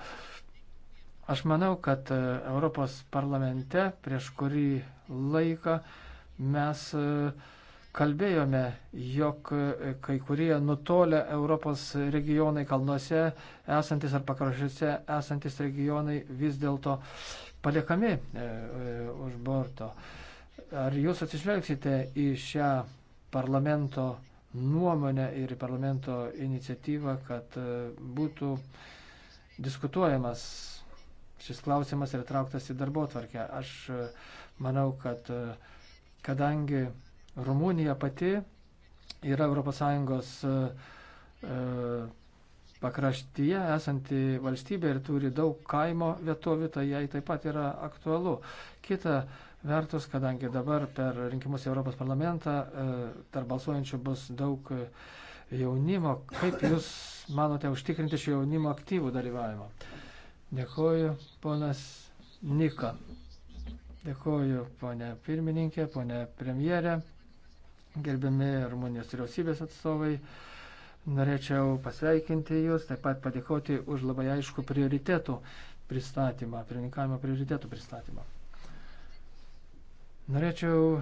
Aš manau, kad e, Europos parlamente prieš kurį laiką mes uh, kalbėjome, jog e, kai kurie nutolę Europos regionai kalnuose esantis ar pakraščiuose esantis regionai vis dėlto paliekami e, e už borto. Ar jūs atsižvelgsite į šią parlamento nuomonę ir į parlamento iniciatyvą, kad e, būtų diskutuojamas šis klausimas ir trauktas į darbo tvarkę? Aš manau, kad kadangi Rumunija pati yra ES e, e, pakraštyje esanti valstybė ir turi daug kaimo vietovių, tai jai taip pat yra aktualu. Kita vertus, kadangi dabar per rinkimus į Europos parlamentą e, tarp balsuojančių bus daug jaunimo, kaip Jūs manote užtikrinti šio jaunimo aktyvų dalyvavimą? Dėkoju, ponas Nika. Dėkoju, ponė pirmininkė, ponė premjerė gerbiami Rumunijos vyriausybės atstovai. Norėčiau pasveikinti Jūs, taip pat padėkoti už labai aišku prioritėtų pristatymą, pirmininkavimo prioritėtų pristatymą. Norėčiau,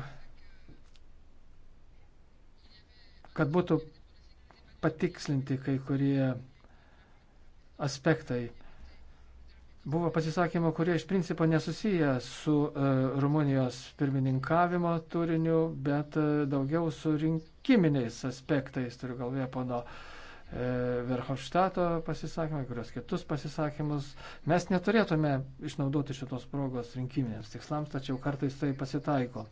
kad būtų patikslinti kai kurie aspektai Buvo pasisakymų, kurie iš principo nesusiję su uh, Rumunijos pirmininkavimo turiniu, bet uh, daugiau su rinkiminiais aspektais, turiu galvėje pono uh, Verhofštato pasisakymą, kurios kitus pasisakymus. Mes neturėtume išnaudoti šitos progos rinkiminiams tikslams, tačiau kartais tai pasitaiko.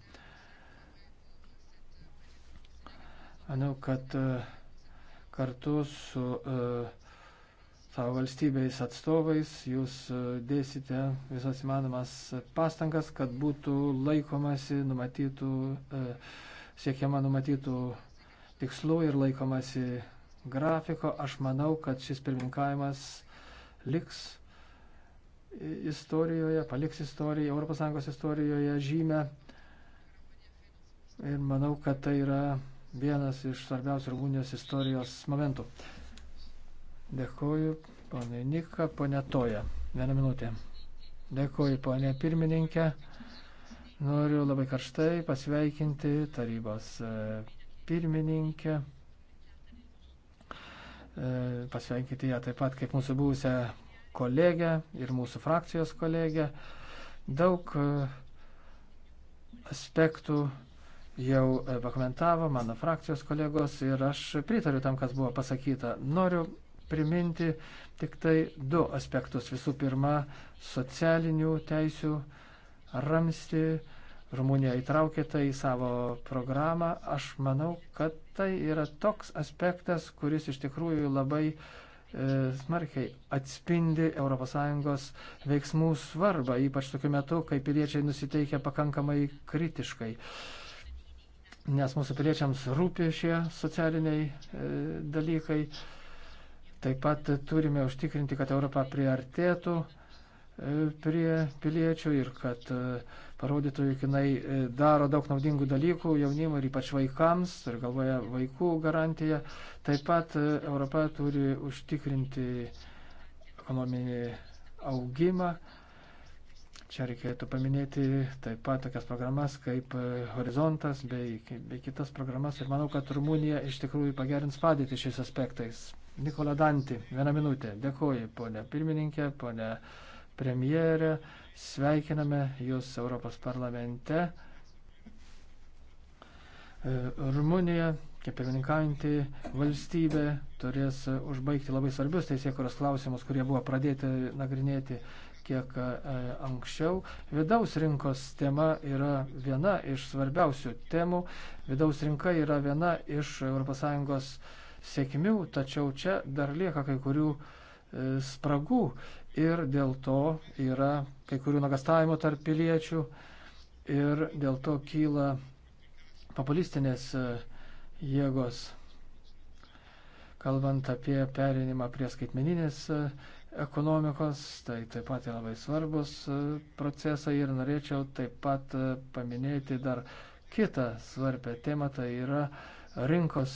Manau, kad uh, kartu su uh, savo valstybės atstovais, jūs e, dėsite visas įmanomas pastangas, kad būtų laikomasi numatytų, e, siekiama numatytų tikslų ir laikomasi grafiko. Aš manau, kad šis pirmininkavimas liks istorijoje, paliks istoriją, ES istorijoje žymę. Ir manau, kad tai yra vienas iš svarbiausių Rumunijos istorijos momentų. Dėkuoju, ponė Nika, ponė Toja. Vieną minutę. Dėkuoju, ponė pirmininkė. Noriu labai karštai pasveikinti tarybos e, pirmininkę. E, pasveikinti ją taip pat kaip mūsų buvusią kolegę ir mūsų frakcijos kolegę. Daug e, aspektų jau pakomentavo mano frakcijos kolegos ir aš pritariu tam, kas buvo pasakyta. Noriu priminti tik tai du aspektus. Visų pirma, socialinių teisių ramsti. Rumunija įtraukė tai į savo programą. Aš manau, kad tai yra toks aspektas, kuris iš tikrųjų labai e, smarkiai atspindi ES veiksmų svarbą, ypač tokiu metu, kai piliečiai nusiteikia pakankamai kritiškai. Nes mūsų piliečiams rūpi šie socialiniai e, dalykai. E, Taip pat turime užtikrinti, kad Europa priartėtų e, prie piliečių ir kad e, parodytų, jog jinai e, daro daug naudingų dalykų jaunimui ir ypač vaikams ir galvoja vaikų garantiją. Taip pat Europa turi užtikrinti ekonominį augimą. Čia reikėtų paminėti taip pat tokias programas kaip Horizontas bei, bei kitas programas ir manau, kad Rumunija iš tikrųjų pagerins padėtį šiais aspektais. Nikola Dantį. Vieną minutę. Dėkuoju, ponė pirmininkė, ponė premjerė. Sveikiname Jūs Europos parlamente. E, Rumunija, kaip pirmininkaujantį valstybė, turės užbaigti labai svarbius teisėkuros klausimus, kurie buvo pradėti nagrinėti kiek e, anksčiau. Vidaus rinkos tema yra viena iš svarbiausių temų. Vidaus rinka yra viena iš ES sėkmių, tačiau čia dar lieka kai kurių e, spragų ir dėl to yra kai kurių nagastavimų tarp piliečių ir dėl to kyla populistinės e, jėgos. Kalbant apie perinimą prie skaitmeninės e, ekonomikos, tai taip pat yra labai svarbus procesai ir norėčiau taip pat paminėti dar kitą svarbę temą, tai yra rinkos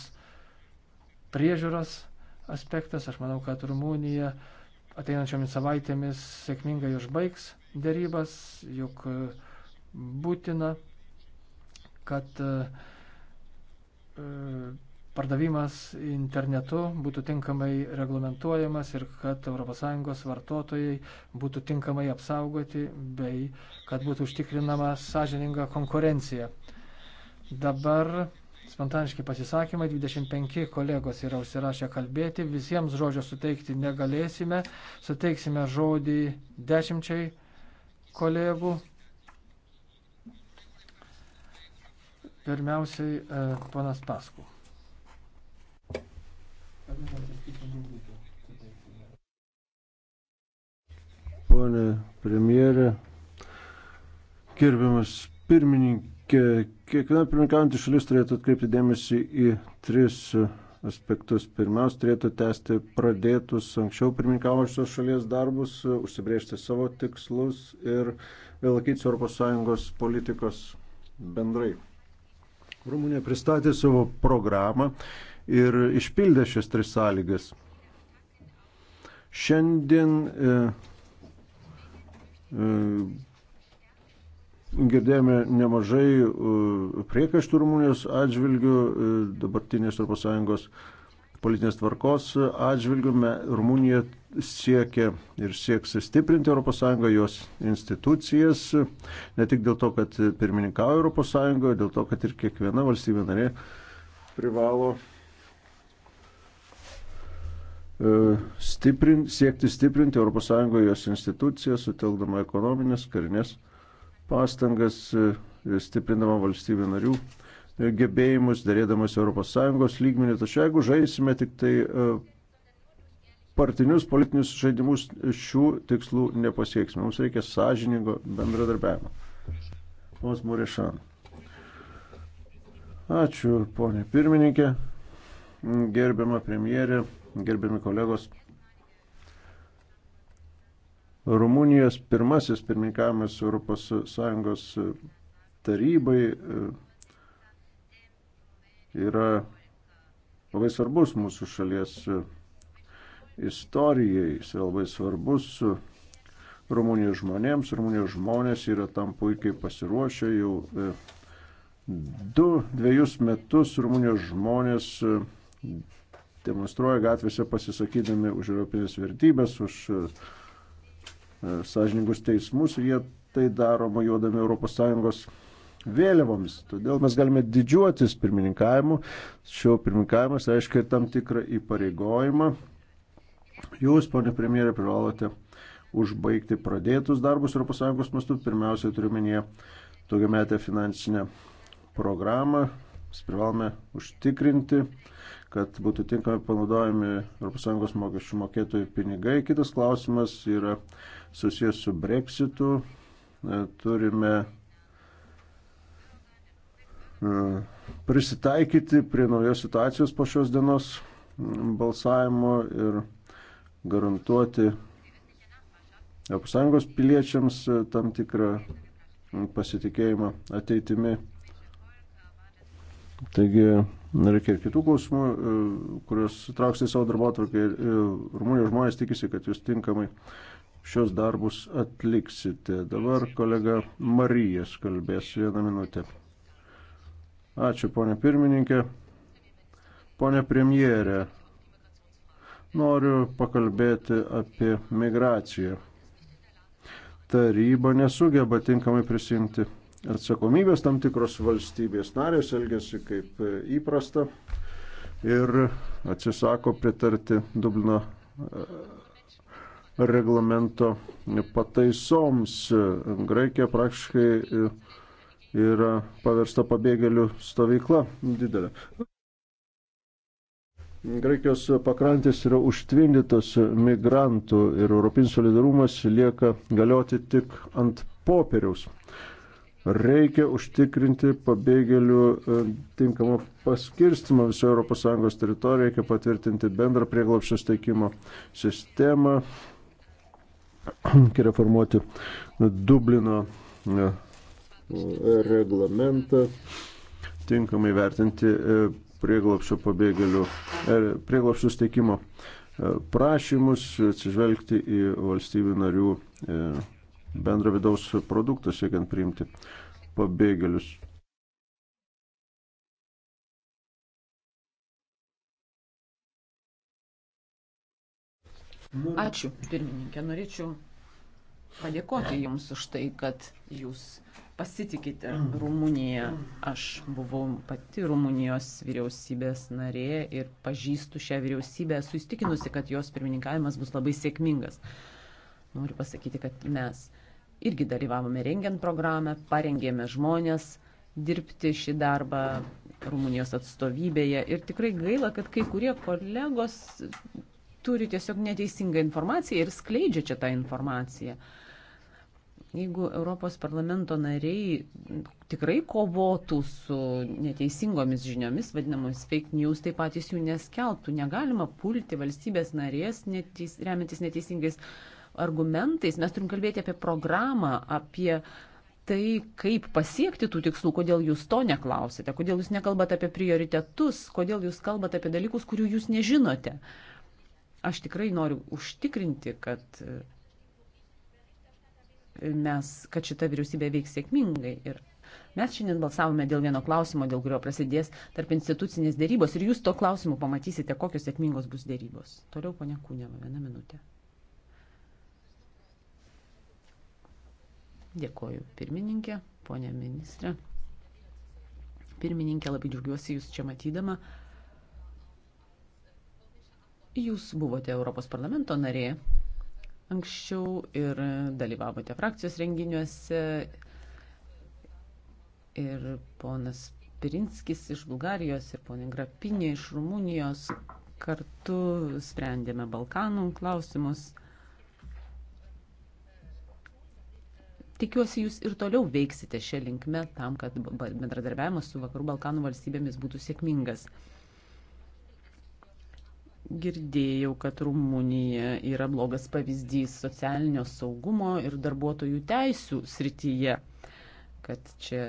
priežiūros aspektas. Aš manau, kad Rumunija ateinančiomis savaitėmis sėkmingai užbaigs dėrybas, juk e, būtina, kad e, e, pardavimas internetu būtų tinkamai reglamentuojamas ir kad ES vartotojai būtų tinkamai apsaugoti bei kad būtų užtikrinama sąžininga konkurencija. Dabar spontaniški pasisakymai, 25 kolegos yra užsirašę kalbėti, visiems žodžio suteikti negalėsime, suteiksime žodį dešimčiai kolegų. Pirmiausiai e, ponas Paskų. Pone premjere, gerbiamas pirmininkas, Kiekviena pirmininkaujantį šalis turėtų atkreipti dėmesį į tris aspektus. Pirmiausia, turėtų tęsti pradėtus anksčiau pirmininkaujančios šalies darbus, užsibriežti savo tikslus ir vėl laikytis ES politikos bendrai. Rumunija pristatė savo programą ir išpildė šias tris sąlygas. Šiandien e, e, Girdėjome nemažai uh, priekaištų Rumunijos atžvilgių, uh, dabartinės ES politinės tvarkos atžvilgių. Rumunija siekia ir sieks stiprinti ES, jos institucijas, ne tik dėl to, kad pirmininkauja ES, dėl to, kad ir kiekviena valstybė narė privalo uh, stiprin, siekti stiprinti ES jos institucijas, sutelkdama ekonominės, karinės pastangas e, stiprindama valstybių narių e, gebėjimus, dėrėdamas ES lygmenį. Tačiau jeigu žaisime tik tai e, partinius politinius žaidimus, šių tikslų nepasieksime. Mums reikia sąžiningo bendradarbiavimo. Pons Murešan. Ačiū, ponė pirmininkė, gerbiama premjerė, gerbiami kolegos. Rumunijos pirmasis pirmininkavimas ES tarybai e, yra labai svarbus mūsų šalies e, istorijai, jis yra labai svarbus Rumunijos žmonėms, Rumunijos žmonės yra tam puikiai pasiruošę, jau e, du, dviejus metus Rumunijos žmonės demonstruoja gatvėse pasisakydami už europinės vertybės, už E, sąžiningus teismus ir jie tai daro mojuodami ES vėliavomis. Todėl mes galime didžiuotis pirmininkavimu. Šio pirmininkavimas reiškia ir tam tikrą įpareigojimą. Jūs, ponė premjerė, privalote užbaigti pradėtus darbus ES mastu. Pirmiausia, turiu minėję daugiametę finansinę programą. Mes privalome užtikrinti, kad būtų tinkamai panaudojami ES mokesčių mokėtojų pinigai. Kitas klausimas yra susijęs su breksitu. E, turime e, prisitaikyti prie naujos situacijos po šios dienos balsavimo ir garantuoti ES piliečiams e, tam tikrą pasitikėjimą ateitimi. Taigi, reikia ir kitų klausimų, kuriuos trauksite į savo darbo atvarkę. Rumunijos žmonės tikisi, kad jūs tinkamai šios darbus atliksite. Dabar kolega Marijas kalbės vieną minutę. Ačiū, ponė pirmininkė. Pone premjerė, noriu pakalbėti apie migraciją. Taryba nesugeba tinkamai prisimti atsakomybės, tam tikros valstybės narės elgesi kaip įprasta ir atsisako pritarti Dublino reglamento pataisoms. Graikija praktiškai yra paversta pabėgėlių stovykla didelė. Graikijos pakrantės yra užtvindytos migrantų ir europinis solidarumas lieka galioti tik ant popieriaus. Reikia užtikrinti pabėgėlių e, tinkamą paskirstimą visoje ES teritorijoje, reikia patvirtinti bendrą prieglopščio steikimo sistemą, <clears throat> kai reformuoti Dublino e, reglamentą, tinkamai vertinti e, prieglopšio pabėgėlių, e, prieglopšio steikimo prašymus, atsižvelgti į valstybių narių bendrą vidaus produktą, siekiant priimti pabėgėlius. Ačiū, pirmininkė. Norėčiau padėkoti Jums už tai, kad Jūs pasitikite Rumuniją. Aš buvau pati Rumunijos vyriausybės narė ir pažįstu šią vyriausybę. Esu įstikinusi, kad jos pirmininkavimas bus labai sėkmingas. Noriu pasakyti, kad mes irgi dalyvavome rengiant programą, parengėme žmonės dirbti šį darbą Rumunijos atstovybėje. Ir tikrai gaila, kad kai kurie kolegos turi tiesiog neteisingą informaciją ir skleidžia čia tą informaciją. Jeigu Europos parlamento nariai tikrai kovotų su neteisingomis žiniomis, vadinamomis fake news, tai patys jų neskelbtų. Negalima pulti valstybės narės neteis, remiantis neteisingais argumentais. Mes turim kalbėti apie programą, apie tai, kaip pasiekti tų tikslų, kodėl jūs to neklausite, kodėl jūs nekalbate apie prioritetus, kodėl jūs kalbate apie dalykus, kurių jūs nežinote. Uh, Aš tikrai noriu užtikrinti, kad e, mes, kad šita vyriausybė veiks sėkmingai. Ir mes šiandien balsavome dėl vieno klausimo, dėl kurio prasidės tarp institucinės dėrybos. Ir jūs to klausimu pamatysite, kokios sėkmingos bus dėrybos. Toliau, ponia Kūnėva, vieną minutę. Dėkoju, pirmininkė, ponia ministrė. Pirmininkė, labai džiaugiuosi jūs čia matydama. Uh, Jūs buvote Europos parlamento narė anksčiau ir dalyvavote frakcijos renginiuose. Ir ponas Pirinskis iš Bulgarijos ir ponė Grapinė iš Rumunijos kartu sprendėme Balkanų klausimus. Tikiuosi, jūs ir toliau veiksite šią linkmę tam, kad bendradarbiavimas su Vakarų Balkanų valstybėmis būtų sėkmingas girdėjau, kad Rumunija yra blogas pavyzdys socialinio saugumo ir darbuotojų teisų srityje, kad čia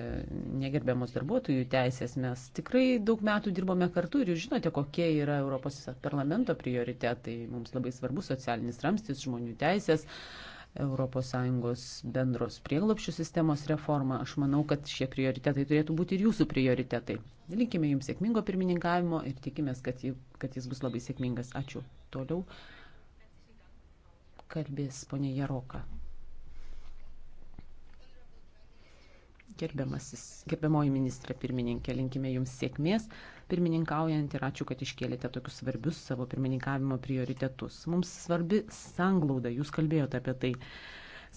negerbiamos darbuotojų teisės. Mes tikrai daug metų dirbome kartu ir jūs žinote, kokie yra Europos parlamento prioritetai. Mums labai svarbus socialinis ramstis, žmonių teisės, ES bendros prieglopščių sistemos reformą. Aš manau, kad šie prioritetai turėtų būti ir jūsų prioritetai. Linkime jums sėkmingo pirmininkavimo ir tikimės, kad, jį, kad jis bus labai sėkmingas. Ačiū. Toliau kalbės ponė Jaroka. Gerbiamasis, gerbiamoji ministra pirmininkė, linkime jums sėkmės pirmininkaujant ir ačiū, kad iškėlėte tokius svarbius savo pirmininkavimo prioritetus. Mums svarbi sanglauda, jūs kalbėjote apie tai.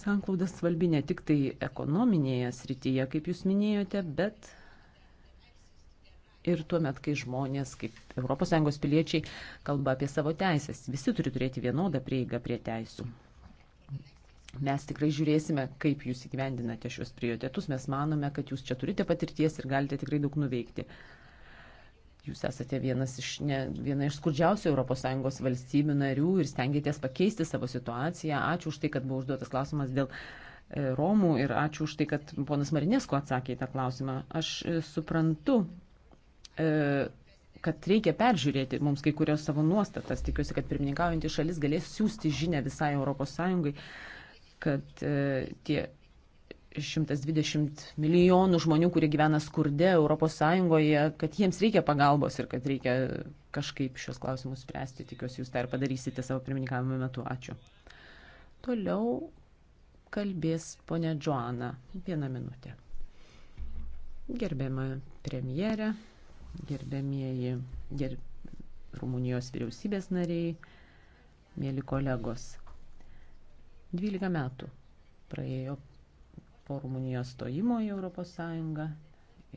Sanklauda svarbi ne tik tai ekonominėje srityje, kaip jūs minėjote, bet ir tuo met, kai žmonės, kaip ES piliečiai, kalba apie savo teisės. Visi turi turėti vienodą prieigą prie teisų. Mes tikrai žiūrėsime, kaip jūs įgyvendinate šios prioritetus. Mes manome, kad jūs čia turite patirties ir galite tikrai daug nuveikti. Jūs esate vienas iš, ne, viena iš skurdžiausių ES valstybių narių ir stengiatės pakeisti savo situaciją. Ačiū už tai, kad buvo užduotas klausimas dėl e, Romų ir ačiū už tai, kad ponas Marinesko atsakė į tą klausimą. Aš e, suprantu, e, kad reikia peržiūrėti mums kai kurios savo nuostatas. Tikiuosi, kad pirmininkaujantys šalis galės siūsti žinę visai ES, kad tie 120 milijonų žmonių, kurie gyvena skurde ES, kad jiems reikia pagalbos ir kad reikia kažkaip šios klausimus spręsti. Tikiuosi, jūs tą ir padarysite savo pirmininkavimo metu. Ačiū. Toliau kalbės ponia Joana. Vieną minutę. Gerbiama premjerė, gerbėmieji ger... Rumunijos vyriausybės nariai, mėly kolegos. 12 metų praėjo po Rumunijos stojimo į ES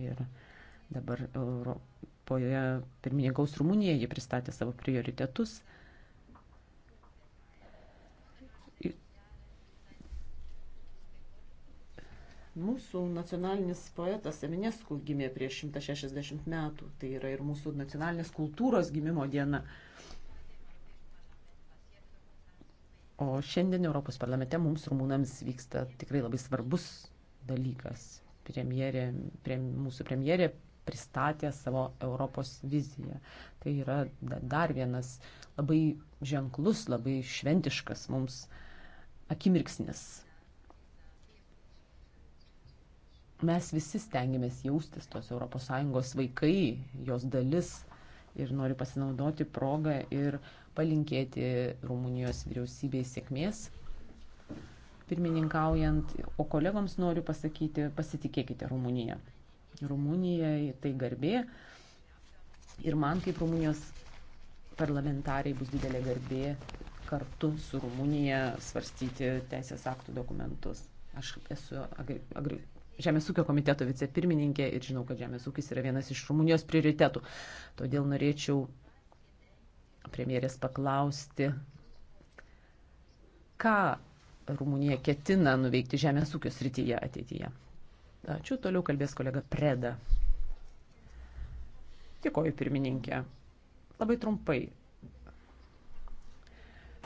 ir dabar Europoje pirmininkaus Rumunija, ji pristatė savo prioritetus. Mūsų nacionalinis poetas Eminesku gimė prieš 160 metų, tai yra ir mūsų nacionalinės kultūros gimimo diena. O šiandien Europos parlamente mums rumūnams vyksta tikrai labai svarbus dalykas. Premjerė, prem, mūsų premjerė pristatė savo Europos viziją. Tai yra dar vienas labai ženklus, labai šventiškas mums akimirksnis. Mes visi stengiamės jaustis tos ES vaikai, jos dalis ir noriu pasinaudoti progą ir palinkėti Rumunijos vyriausybei sėkmės pirmininkaujant, o kolegoms noriu pasakyti, pasitikėkite Rumuniją. Rumunijai tai garbė ir man kaip Rumunijos parlamentariai bus didelė garbė kartu su Rumunija svarstyti teisės aktų dokumentus. Aš esu agri, agri, Žemės ūkio komiteto vicepirmininkė ir žinau, kad žemės ūkis yra vienas iš Rumunijos prioritetų. Todėl norėčiau premjerės paklausti, ką Rumunija ketina nuveikti žemės ūkio srityje ateityje. Ačiū, toliau kalbės kolega Preda. Dėkoju, pirmininkė. Labai trumpai.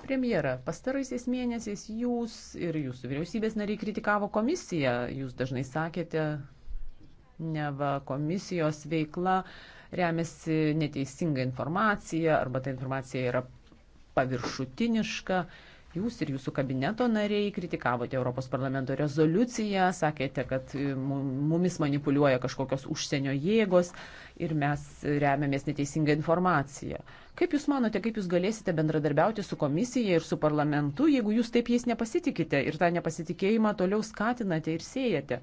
Premjera, pastaraisiais mėnesiais jūs ir jūsų vyriausybės nariai kritikavo komisiją. Jūs dažnai sakėte, neva komisijos veikla uh, remiasi neteisinga informacija arba ta informacija yra paviršutiniška. Jūs ir jūsų kabineto nariai kritikavote Europos parlamento rezoliuciją, sakėte, kad e, mumis manipuliuoja kažkokios užsienio jėgos ir mes remiamės neteisingą informaciją. Kaip Jūs manote, kaip Jūs galėsite bendradarbiauti su komisija ir su parlamentu, jeigu Jūs taip jais nepasitikite ir tą nepasitikėjimą toliau skatinate ir siejate?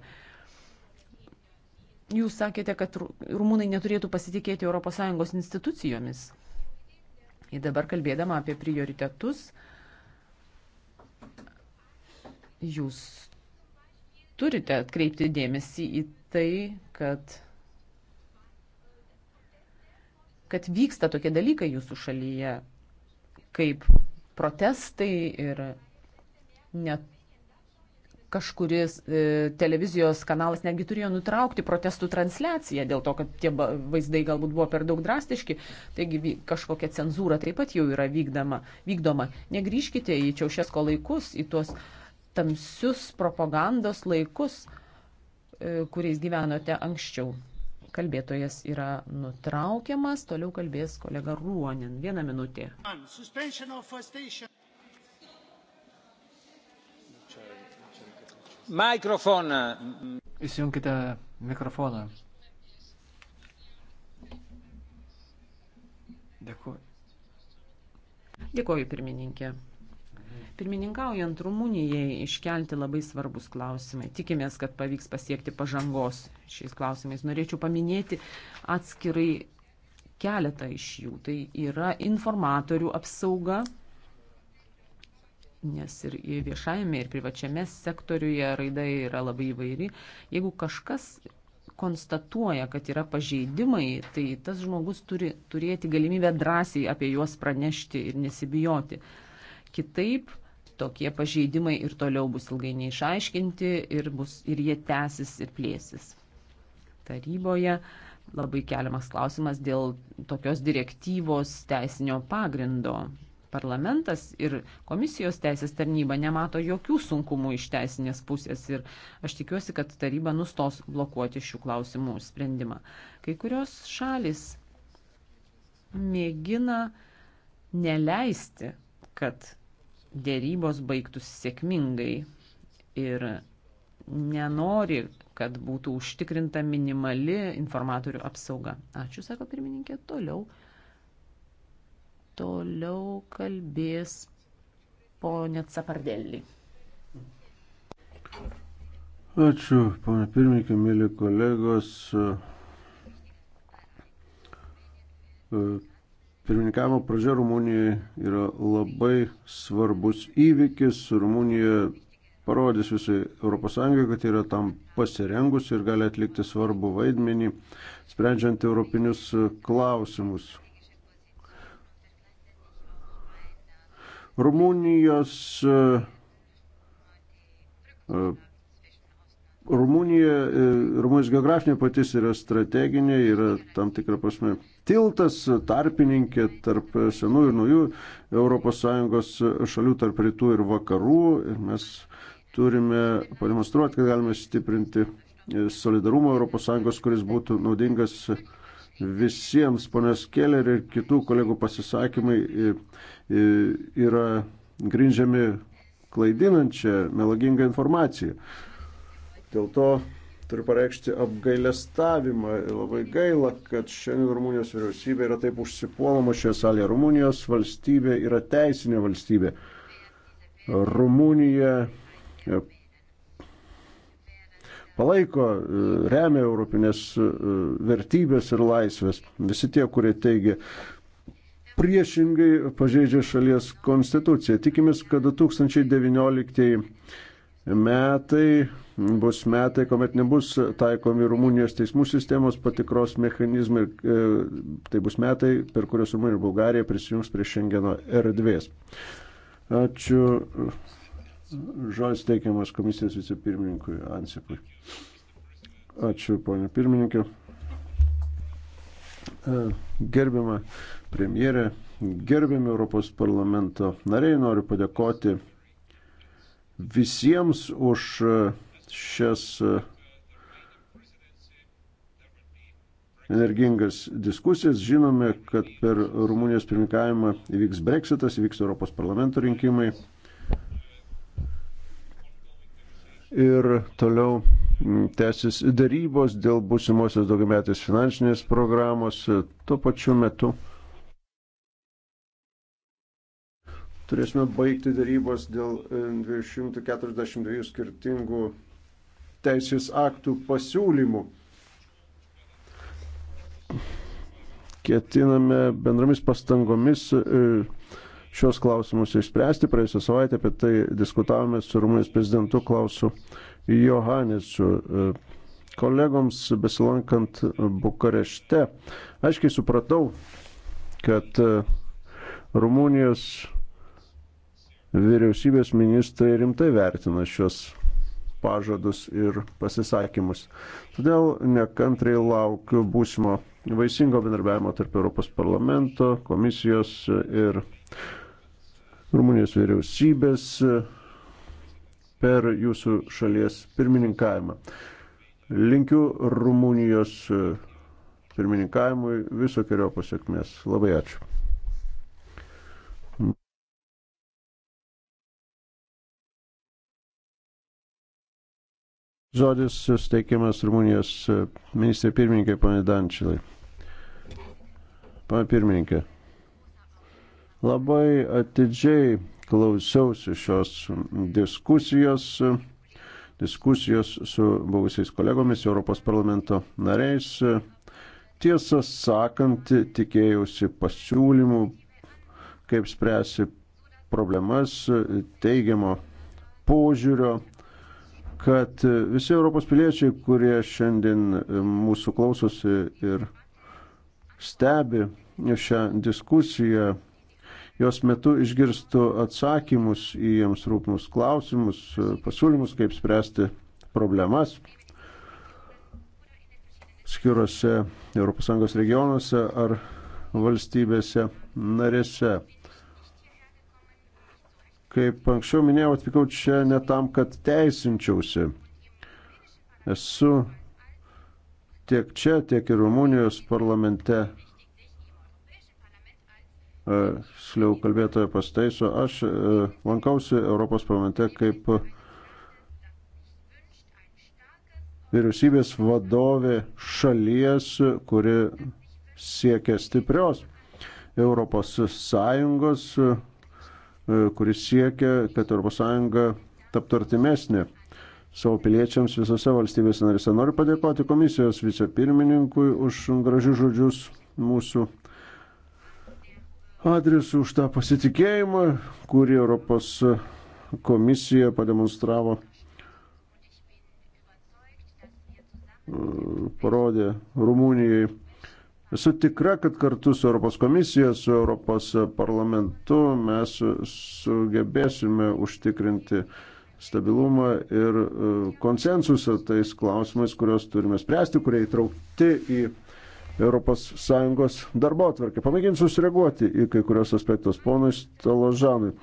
Jūs sakėte, kad rumūnai neturėtų pasitikėti ES institucijomis. Ir dabar kalbėdama apie prioritetus, jūs turite atkreipti dėmesį į tai, kad, kad vyksta tokie dalykai jūsų šalyje, kaip protestai ir net kažkuris e, televizijos kanalas netgi turėjo nutraukti protestų transliaciją dėl to, kad tie vaizdai galbūt buvo per daug drastiški, taigi kažkokia cenzūra taip pat jau yra vykdama, vykdoma. Negryžkite į Čiaušesko laikus, į tuos tamsius propagandos laikus, e, kuriais gyvenote anksčiau. Kalbėtojas yra nutraukiamas, toliau kalbės kolega Ruonin. Vieną minutę. Mikrofoną. Įsijunkite mikrofoną. Dėkuoju. Dėkuoju, pirmininkė. Pirmininkaujant Rumunijai iškelti labai svarbus klausimai. Tikimės, kad pavyks pasiekti pažangos šiais klausimais. Norėčiau paminėti atskirai keletą iš jų. Tai yra informatorių apsauga nes ir viešajame, ir privačiame sektoriuje raida yra labai įvairi. Jeigu kažkas konstatuoja, kad yra pažeidimai, tai tas žmogus turi turėti galimybę drąsiai apie juos pranešti ir nesibijoti. Kitaip tokie pažeidimai ir toliau bus ilgai neišaiškinti ir, bus, ir jie tęsis ir plėsis. Taryboje labai keliamas klausimas dėl tokios direktyvos teisinio pagrindo parlamentas ir komisijos teisės tarnyba nemato jokių sunkumų iš teisinės pusės ir aš tikiuosi, kad taryba nustos blokuoti šių klausimų sprendimą. Kai kurios šalis mėgina neleisti, kad dėrybos baigtųsi sėkmingai ir nenori, kad būtų užtikrinta minimali informatorių apsauga. Ačiū, sako pirmininkė, toliau Toliau kalbės ponė Capardelį. Ačiū, ponė pirmininkė, mėly kolegos. E, pirmininkavimo pradžia Rumunijai yra labai svarbus įvykis. Rumunija parodys visai ES, kad yra tam pasirengusi ir gali atlikti svarbų vaidmenį, sprendžiant europinius klausimus. Rumunijos e, e, Rumunija, e, Rumunijos geografinė patys yra strateginė, yra tam tikra prasme tiltas, tarpininkė tarp senų ir naujų ES šalių, tarp rytų ir vakarų. Ir mes turime pademonstruoti, kad galime stiprinti solidarumą ES, kuris būtų naudingas visiems. Ponios Keller ir kitų kolegų pasisakymai yra grindžiami klaidinančią, melagingą informaciją. Dėl to turiu pareikšti apgailestavimą. Labai gaila, kad šiandien Rumunijos vyriausybė yra taip užsipuolama šioje salėje. Rumunijos valstybė yra teisinė valstybė. Rumunija palaiko, e, remia europinės e, vertybės ir laisvės. Visi tie, kurie teigia priešingai pažeidžia šalies konstituciją. Tikimės, kad 2019 metai bus metai, kuomet nebus taikomi Rumunijos teismų sistemos patikros mechanizmai. E, tai bus metai, per kuriuos Rumunija ir Bulgarija prisijungs prie Šengeno erdvės. Ačiū. Žodis teikiamas komisijos vicepirmininkui Ansipui. Ačiū, ponė pirmininkė. E, gerbiama premjerė, gerbiami Europos parlamento nariai, noriu padėkoti visiems už šias e, energingas diskusijas. Žinome, kad per Rumunijos pirmininkavimą įvyks breksitas, įvyks Europos parlamento rinkimai. ir toliau mm, tęsis darybos dėl būsimosios daugiametės finansinės programos. Tuo pačiu metu turėsime baigti darybos dėl 242 e, skirtingų teisės aktų pasiūlymų. Ketiname bendromis pastangomis e, šios klausimus išspręsti. Praėjusią savaitę apie tai diskutavome su Rumunijos prezidentu Klausu Johanesu. Kolegoms besilankant Bukarešte, aiškiai supratau, kad e, Rumunijos vyriausybės ministrai rimtai vertina šios pažadus ir pasisakymus. Todėl nekantrai laukiu būsimo vaisingo bendarbiavimo tarp Europos parlamento, komisijos ir Rumunijos vyriausybės e, per jūsų šalies pirmininkavimą. Linkiu Rumunijos e, pirmininkavimui visokiojo pasiekmės. Labai ačiū. Žodis susteikiamas Rumunijos e, ministrė pirmininkė, pane Dančilai. Pane pirmininkė. Labai atidžiai klausiausi šios diskusijos, diskusijos su buvusiais kolegomis Europos parlamento nariais. Tiesą sakant, tikėjausi pasiūlymų, kaip spręsi problemas, teigiamo požiūrio kad visi Europos piliečiai, kurie šiandien mūsų klausosi ir stebi šią diskusiją, jos metu išgirstų atsakymus į jiems rūpmus klausimus, pasiūlymus, kaip spręsti problemas skiriuose ES regionuose ar valstybėse narėse. Kaip anksčiau minėjau, atvykau čia ne tam, kad teisinčiausi. Esu tiek čia, tiek ir Rumunijos parlamente E, Sliau kalbėtoje pastaiso, aš e, lankausi Europos parlamente kaip vyriausybės vadovė šalies, kuri siekia stiprios Europos Sąjungos, e, kuris siekia, kad Europos Sąjunga taptų artimesnė savo piliečiams visose valstybėse narėse. Noriu padėkoti komisijos vicepirmininkui už gražius žodžius mūsų adresu už tą pasitikėjimą, kurį Europos komisija pademonstravo, parodė Rumunijai. Esu tikra, kad kartu su Europos komisija, su Europos parlamentu mes sugebėsime užtikrinti stabilumą ir konsensusą tais klausimais, kuriuos turime spręsti, kurie įtraukti į ES darbo atvarkę. Pamėginsiu sureaguoti į kai kurios aspektus. Ponai Staložanui,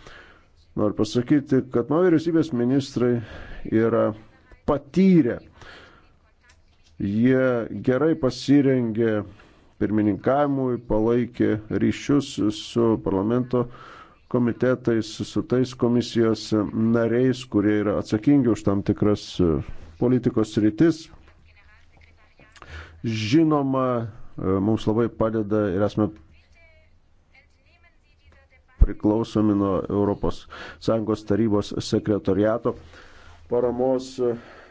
noriu pasakyti, kad mano vyriausybės ministrai yra patyrę. Jie gerai pasirengė pirmininkavimui, palaikė ryšius su parlamento komitetais, su tais komisijos nariais, kurie yra atsakingi už tam tikras politikos rytis. Žinoma, E, mums labai padeda ir esame priklausomi nuo ES tarybos sekretoriato paramos.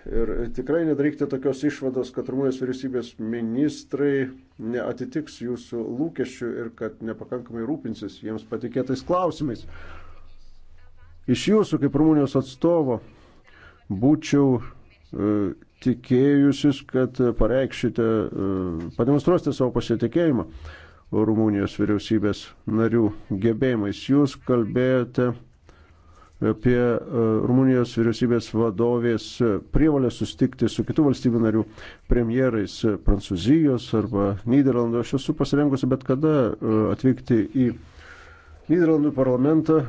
Ir tikrai nedarykite tokios išvados, kad Rumunijos vyriausybės ministrai neatitiks jūsų lūkesčių ir kad nepakankamai rūpinsis jiems patikėtais klausimais. Iš jūsų kaip Rumunijos atstovo būčiau E, tikėjusis, kad pareikšite, e, pademonstruosite savo pasitikėjimą Rumunijos vyriausybės narių gebėjimais. Jūs kalbėjote apie e, Rumunijos vyriausybės vadovės prievalę sustikti su kitų valstybių narių premjerais Prancūzijos arba Niderlandų. Aš esu pasirengusi bet kada atvykti į Niderlandų parlamentą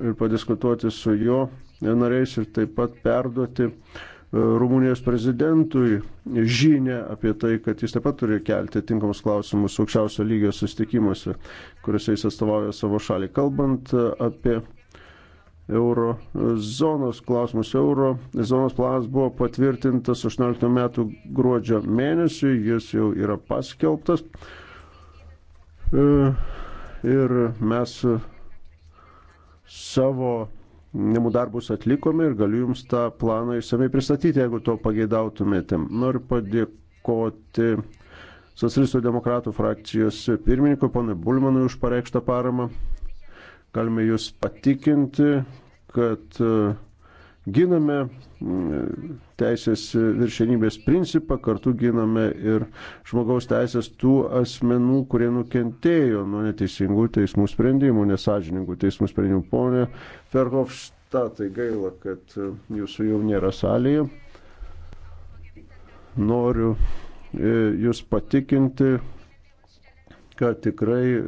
ir padiskutuoti su jo nariais ir taip pat perduoti uh, Rumunijos prezidentui žinę apie tai, kad jis taip pat turi kelti tinkamus klausimus aukščiausio lygio susitikimuose, kuriuose jis atstovauja savo šalį. Kalbant apie euro zonos klausimus, euro zonos planas buvo patvirtintas 18 metų gruodžio mėnesį, jis jau yra paskelbtas. E, ir mes savo namų darbus atlikome ir galiu Jums tą planą išsamei pristatyti, jeigu to pageidautumėte. Noriu padėkoti Socialistų demokratų frakcijos pirmininkui, ponui Bulmanui, už pareikštą paramą. Galime Jūs patikinti, kad uh, giname mm, teisės viršenybės principą, kartu giname ir žmogaus teisės tų asmenų, kurie nukentėjo nuo neteisingų teismų sprendimų, nesažiningų teismų sprendimų. Pone Ferhofštatai, gaila, kad e, jūsų jau nėra salėje. Noriu e, jūs patikinti, kad tikrai e,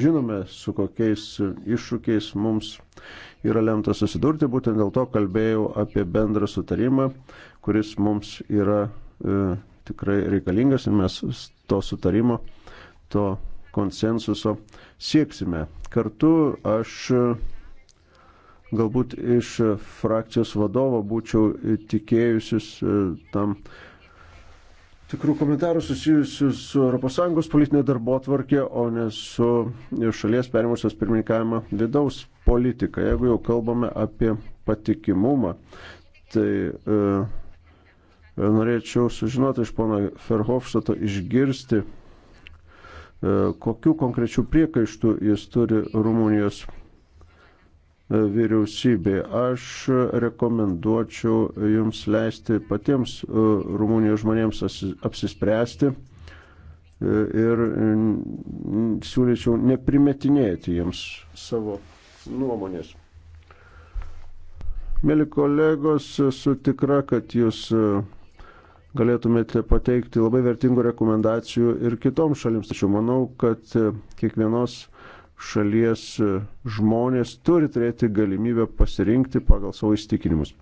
žinome, su kokiais iššūkiais mums yra lemta susidurti. Būtent dėl to kalbėjau apie bendrą sutarimą, kuris mums yra e, tikrai reikalingas ir mes to sutarimo, to konsensuso sieksime. Kartu aš e, galbūt iš frakcijos vadovo būčiau e, tikėjusis tam tikrų komentarų susijusių su ES politinė darbo tvarkė, o ne su šalies perimusios pirmininkavimą vidaus politika. Jeigu jau kalbame apie patikimumą, tai e, e norėčiau sužinoti iš pono Ferhofštato išgirsti, e, kokiu konkrečiu priekaištu jis turi Rumunijos vyriausybė. Aš rekomenduočiau jums leisti patiems e, Rumunijos žmonėms apsispręsti e, ir siūlyčiau neprimetinėti jiems savo nuomonės. Mėly kolegos, esu tikra, kad jūs e, galėtumėte pateikti labai vertingų rekomendacijų ir kitoms šalims, tačiau manau, kad kiekvienos šalies e, žmonės turi turėti galimybę pasirinkti pagal savo įstikinimus.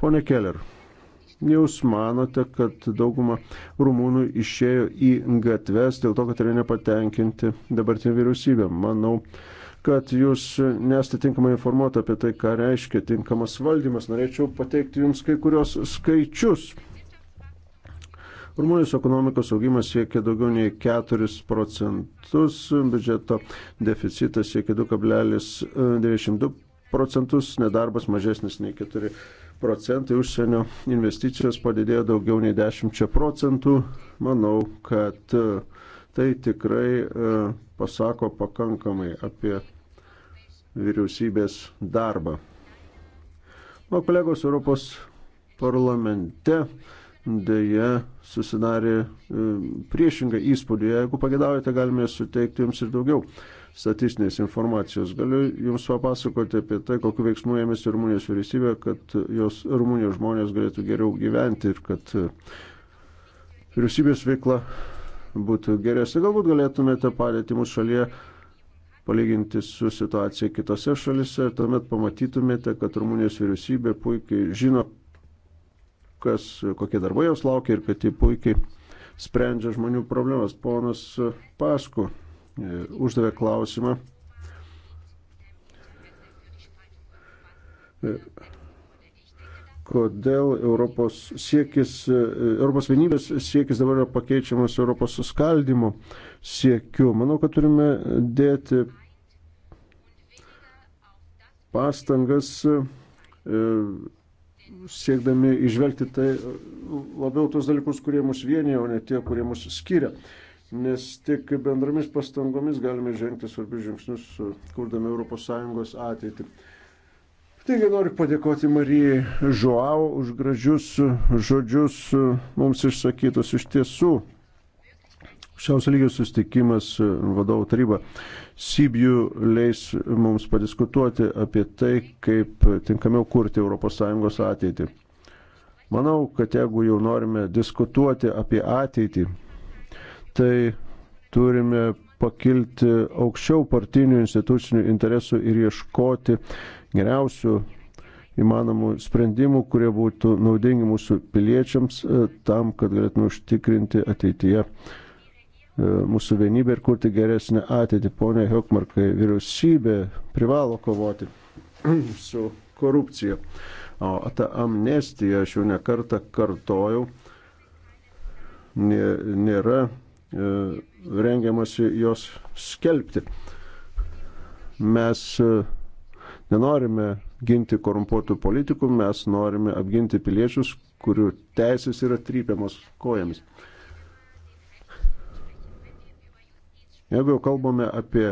Pone Keller, jūs manote, kad dauguma rumūnų išėjo į gatves dėl to, kad yra nepatenkinti dabartinė vyriausybė. Manau, kad jūs nesate tinkamai informuota apie tai, ką reiškia tinkamas valdymas. Norėčiau pateikti jums kai kurios skaičius Rumunijos ekonomikos augimas siekia daugiau nei 4 procentus, biudžeto deficitas siekia 2,92 e, procentus, nedarbas mažesnis nei 4 procentai, užsienio investicijos padidėjo daugiau nei 10 procentų. Manau, kad e, tai tikrai e, pasako pakankamai apie vyriausybės darbą. Mano kolegos Europos parlamente dėja susidarė e, priešingą įspūdį. Jeigu pagėdaujate, galime suteikti jums ir daugiau statistinės informacijos. Galiu jums papasakoti apie tai, kokiu veiksmu ėmėsi Rumunijos vyriausybė, kad jos Rumunijos žmonės galėtų geriau gyventi ir kad e, vyriausybės veikla būtų geresnė. Galbūt galėtumėte padėti mūsų šalyje palyginti su situacija kitose šalise, tuomet pamatytumėte, kad Rumunijos vyriausybė puikiai žino, kas, kokie darbai jos laukia ir kad jie puikiai sprendžia žmonių problemas. Ponas Pasku e, uždavė klausimą. E, kodėl Europos, siekis, e, Europos vienybės siekis dabar yra pakeičiamas Europos suskaldimo siekiu? Manau, kad turime dėti pastangas siekdami išvelgti tai e, labiau tos dalykus, kurie mus vienyje, o ne tie, kurie mus skiria. Nes tik bendromis pastangomis galime žengti svarbius žingsnius, e, kurdami ES ateitį. Taigi noriu padėkoti Marijai Žuau už gražius žodžius e, mums išsakytus iš tiesų aukščiausio lygio sustikimas e, vadovų taryba Sibiu leis mums padiskutuoti apie tai, kaip tinkamiau kurti ES ateitį. Manau, kad jeigu jau norime diskutuoti apie ateitį, tai turime pakilti aukščiau partinių institucinių interesų ir ieškoti geriausių įmanomų sprendimų, kurie būtų naudingi mūsų piliečiams e, tam, kad galėtume užtikrinti ateityje E, mūsų vienybę ir kurti geresnę ateitį. Pone Hokmarkai, vyriausybė privalo kovoti <clears throat> su korupcija. O tą amnestiją aš jau nekartą kartojau. Nė, nėra e, rengiamasi jos skelbti. Mes e, nenorime ginti korumpuotų politikų, mes norime apginti piliečius, kurių teisės yra trypiamos kojomis. E, Jeigu jau kalbame apie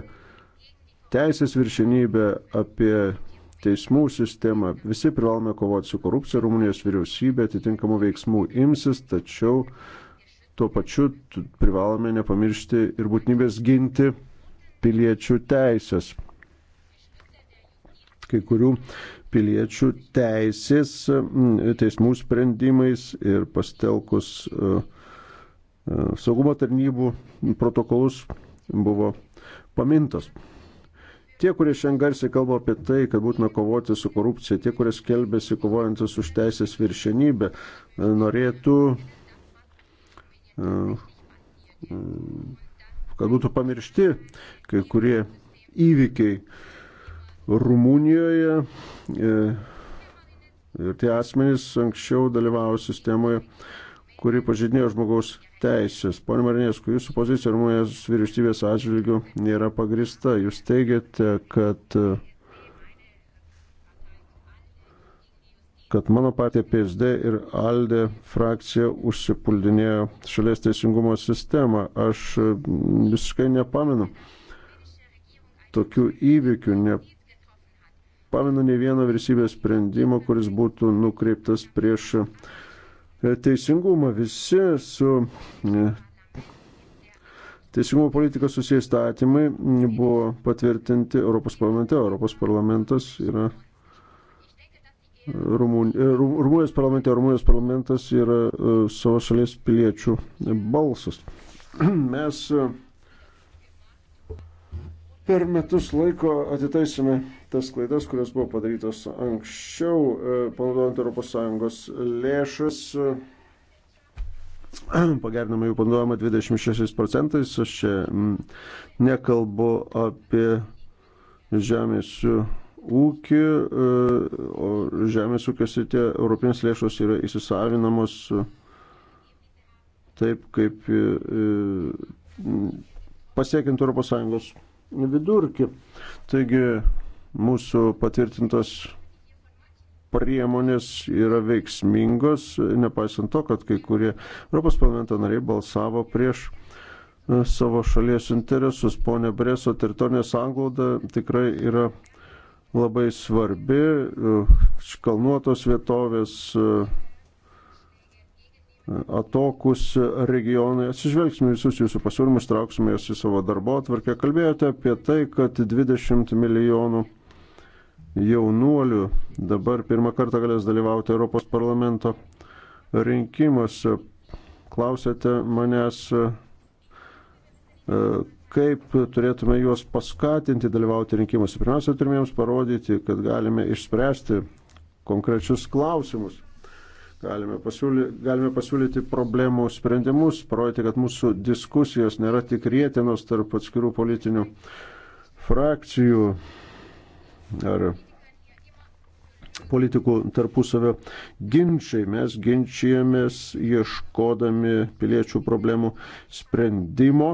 teisės viršinybę, apie teismų sistemą, visi privalome kovoti su korupcija, Rumunijos vyriausybė atitinkamų veiksmų imsis, tačiau tuo pačiu privalome nepamiršti ir būtinybės ginti piliečių teisės. Kai kurių piliečių teisės teismų sprendimais ir pastelkus e, e, saugumo tarnybų protokolus buvo pamintos. Tie, kurie šiandien garsiai kalba apie tai, kad būtina kovoti su korupcija, tie, kurie skelbėsi kovojantis už teisės viršenybę, e, norėtų, e, e, kad būtų pamiršti kai kurie įvykiai Rumunijoje ir tie asmenys anksčiau dalyvavo sistemoje, kuri pažydinėjo žmogaus teisės. Pone Marinėsku, jūsų pozicija Rumunijos vyriausybės atžvilgių nėra pagrista. Jūs teigiate, kad, kad mano partija PSD ir ALDE frakcija užsipuldinėjo šalies teisingumo sistemą. Aš visiškai nepamenu tokių įvykių, nepamenu ne vieno vyriausybės sprendimo, kuris būtų nukreiptas prieš E, teisingumą. Visi su e, teisingumo politika susijęs statymai buvo patvirtinti Europos parlamente. Europos parlamentas yra e, Rumunijos parlamente, Rumunijos parlamentas yra savo šalies piliečių balsas. <clears throat> Mes per metus laiko atitaisime tas klaidas, kurios buvo padarytos anksčiau, e, panaudojant ES lėšas. <clears throat> Pagerinome jų panaudojimą 26 procentais. Aš čia nekalbu apie žemės ūkį, e, o žemės ūkės ir tie europinės lėšos yra įsisavinamos taip, kaip e, pasiekiant ES vidurkį. Taigi mūsų patvirtintos priemonės yra veiksmingos, nepaisant to, kad kai kurie Europos parlamento nariai balsavo prieš e, savo šalies interesus. Pone Breso teritorinė sanglauda tikrai yra labai svarbi, e, kalnuotos vietovės, e, atokus regionai. Atsižvelgsime visus jūsų pasiūlymus, trauksime juos į savo darbo atvarkę. Kalbėjote apie tai, kad 20 milijonų jaunuolių dabar pirmą kartą galės dalyvauti Europos parlamento rinkimuose. Klausėte manęs, kaip turėtume juos paskatinti dalyvauti rinkimuose. Pirmiausia, turime jiems parodyti, kad galime išspręsti konkrečius klausimus Galime, pasiūly, galime pasiūlyti problemų sprendimus, parodyti, kad mūsų diskusijos nėra tik rėtinos tarp atskirų politinių frakcijų ar politikų tarpusavio ginčiai. Mes ginčijamės ieškodami piliečių problemų sprendimo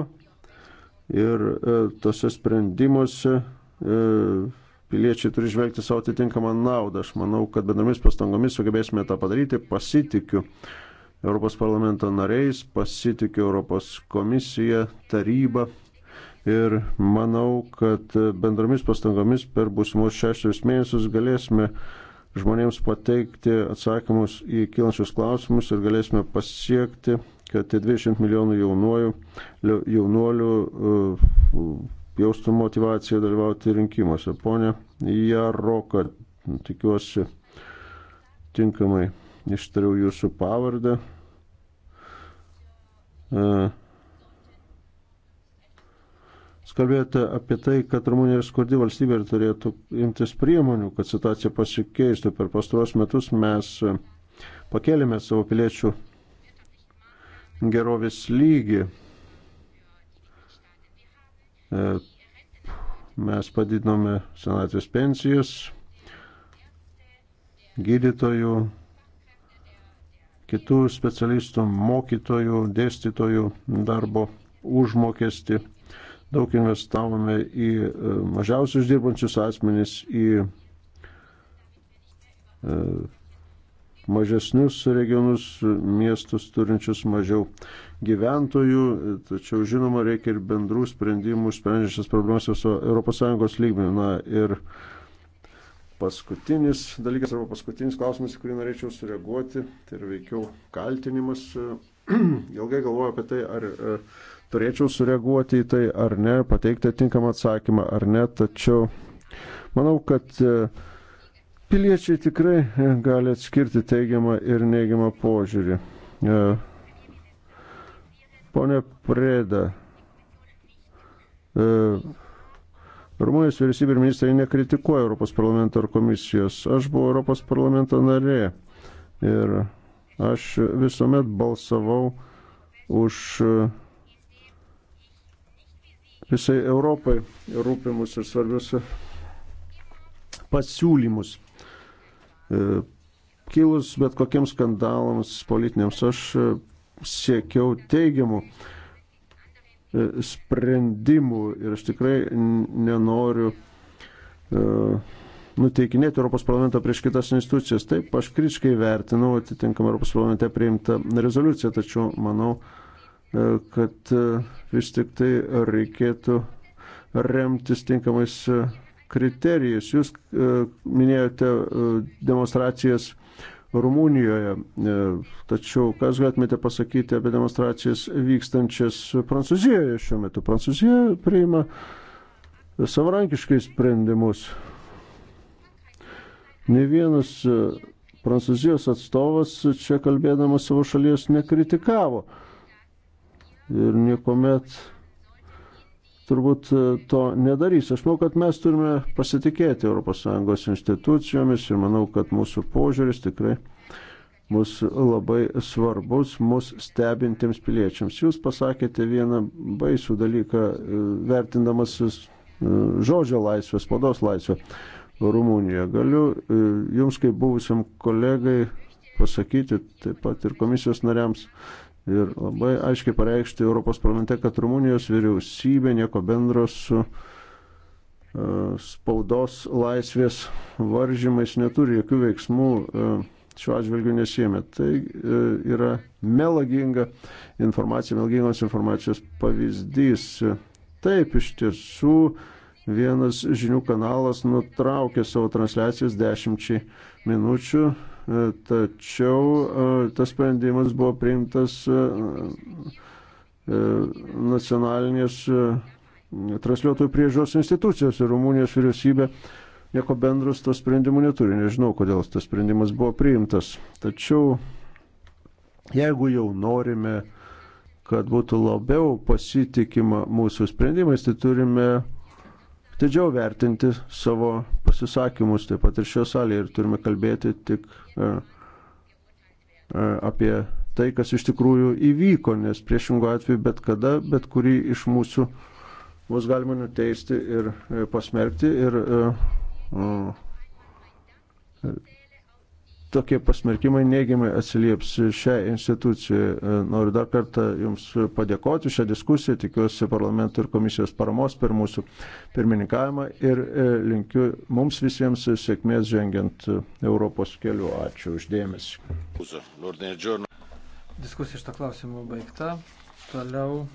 ir e, tose sprendimuose e, piliečiai turi žvelgti savo atitinkamą naudą. Aš manau, kad bendromis pastangomis sugebėsime tą padaryti. Pasitikiu Europos parlamento nariais, pasitikiu Europos komisija, taryba. Ir manau, kad bendromis pastangomis per būsimus šešius mėnesius galėsime žmonėms pateikti atsakymus į kilančius klausimus ir galėsime pasiekti, kad tie 20 milijonų jaunuolių, jaunuolių uh, jaustų motivaciją dalyvauti rinkimuose. Pone Jaroka, tikiuosi, tinkamai ištariau jūsų pavardę. E, skalbėjote apie tai, kad Rumunija ir skurdi valstybė ir turėtų imtis priemonių, kad situacija pasikeistų. Per pastaruos metus mes pakėlėme savo piliečių gerovės lygį E, mes padidinome senatvės pensijas gydytojų, kitų specialistų, mokytojų, dėstytojų darbo užmokesti. Daug investavome į e, mažiausius dirbančius asmenys, į e, mažesnius regionus, miestus turinčius mažiau gyventojų, tačiau žinoma reikia ir bendrų sprendimų sprendžiančias problemas viso ES lygmenį. Na ir paskutinis dalykas arba paskutinis klausimas, kurį norėčiau sureaguoti, tai yra veikiau kaltinimas. <clears throat> Ilgai galvoju apie tai, ar e, turėčiau sureaguoti į tai ar ne, pateikti atinkamą atsakymą ar ne, tačiau manau, kad e, Piliečiai tikrai e, gali atskirti teigiamą ir neigiamą požiūrį. E, Pone Preda, e, Rumunijos vyriausybė ir ministrai nekritikuoja Europos parlamento ar komisijos. Aš buvau Europos parlamento narė ir aš visuomet balsavau už visai Europai rūpimus ir svarbius pasiūlymus. E, kilus bet kokiems skandalams politiniams aš e, siekiau teigiamų e, sprendimų ir aš tikrai nenoriu nuteikinėti Europos parlamentą prieš kitas institucijas. Taip, aš kritiškai vertinau atitinkamą Europos parlamente priimtą rezoliuciją, tačiau manau, kad vis tik tai reikėtų remtis tinkamais kriterijais. Jūs e, minėjote e, demonstracijas Rumunijoje, e, tačiau kas galėtumėte pasakyti apie demonstracijas vykstančias Prancūzijoje šiuo metu? Prancūzija priima savarankiškai sprendimus. Ne vienas Prancūzijos atstovas čia kalbėdamas savo šalies nekritikavo ir niekuomet turbūt e, to nedarys. Aš manau, kad mes turime pasitikėti ES institucijomis ir manau, kad mūsų požiūris tikrai bus labai svarbus mūsų stebintiems piliečiams. Jūs pasakėte vieną baisų dalyką, e, vertindamas e, žodžio laisvę, spaudos laisvę Rumunijoje. Galiu jums kaip buvusiam kolegai pasakyti, taip pat ir komisijos nariams ir labai aiškiai pareikšti Europos parlamente, kad Rumunijos vyriausybė nieko bendro su e, spaudos laisvės varžymais neturi jokių veiksmų e, šiuo atžvilgiu nesėmė. Tai e, yra melaginga informacija, melagingos informacijos pavyzdys. Taip, iš tiesų, vienas žinių kanalas nutraukė savo transliacijas dešimčiai minučių E, tačiau e, tas sprendimas buvo priimtas e, nacionalinės transliuotojų priežiūros institucijos ir Rumunijos vyriausybė nieko bendro su to sprendimu neturi. Nežinau, kodėl tas sprendimas buvo priimtas. Tačiau jeigu jau norime, kad būtų labiau pasitikima mūsų sprendimais, tai turime didžiau vertinti savo pasisakymus, taip pat ir šioje salėje, ir turime kalbėti tik E, e, apie tai, kas iš tikrųjų įvyko, nes priešingų atveju bet kada, bet kurį iš mūsų bus galima nuteisti ir e, pasmerkti ir tokie pasmerkimai neigiamai atsilieps šią instituciją. E, noriu dar kartą Jums padėkoti šią diskusiją, tikiuosi parlamento ir komisijos paramos per mūsų pirmininkavimą ir e, linkiu mums visiems sėkmės žengiant Europos keliu. Ačiū uždėmesi. Diskusija šito klausimu baigta. Toliau.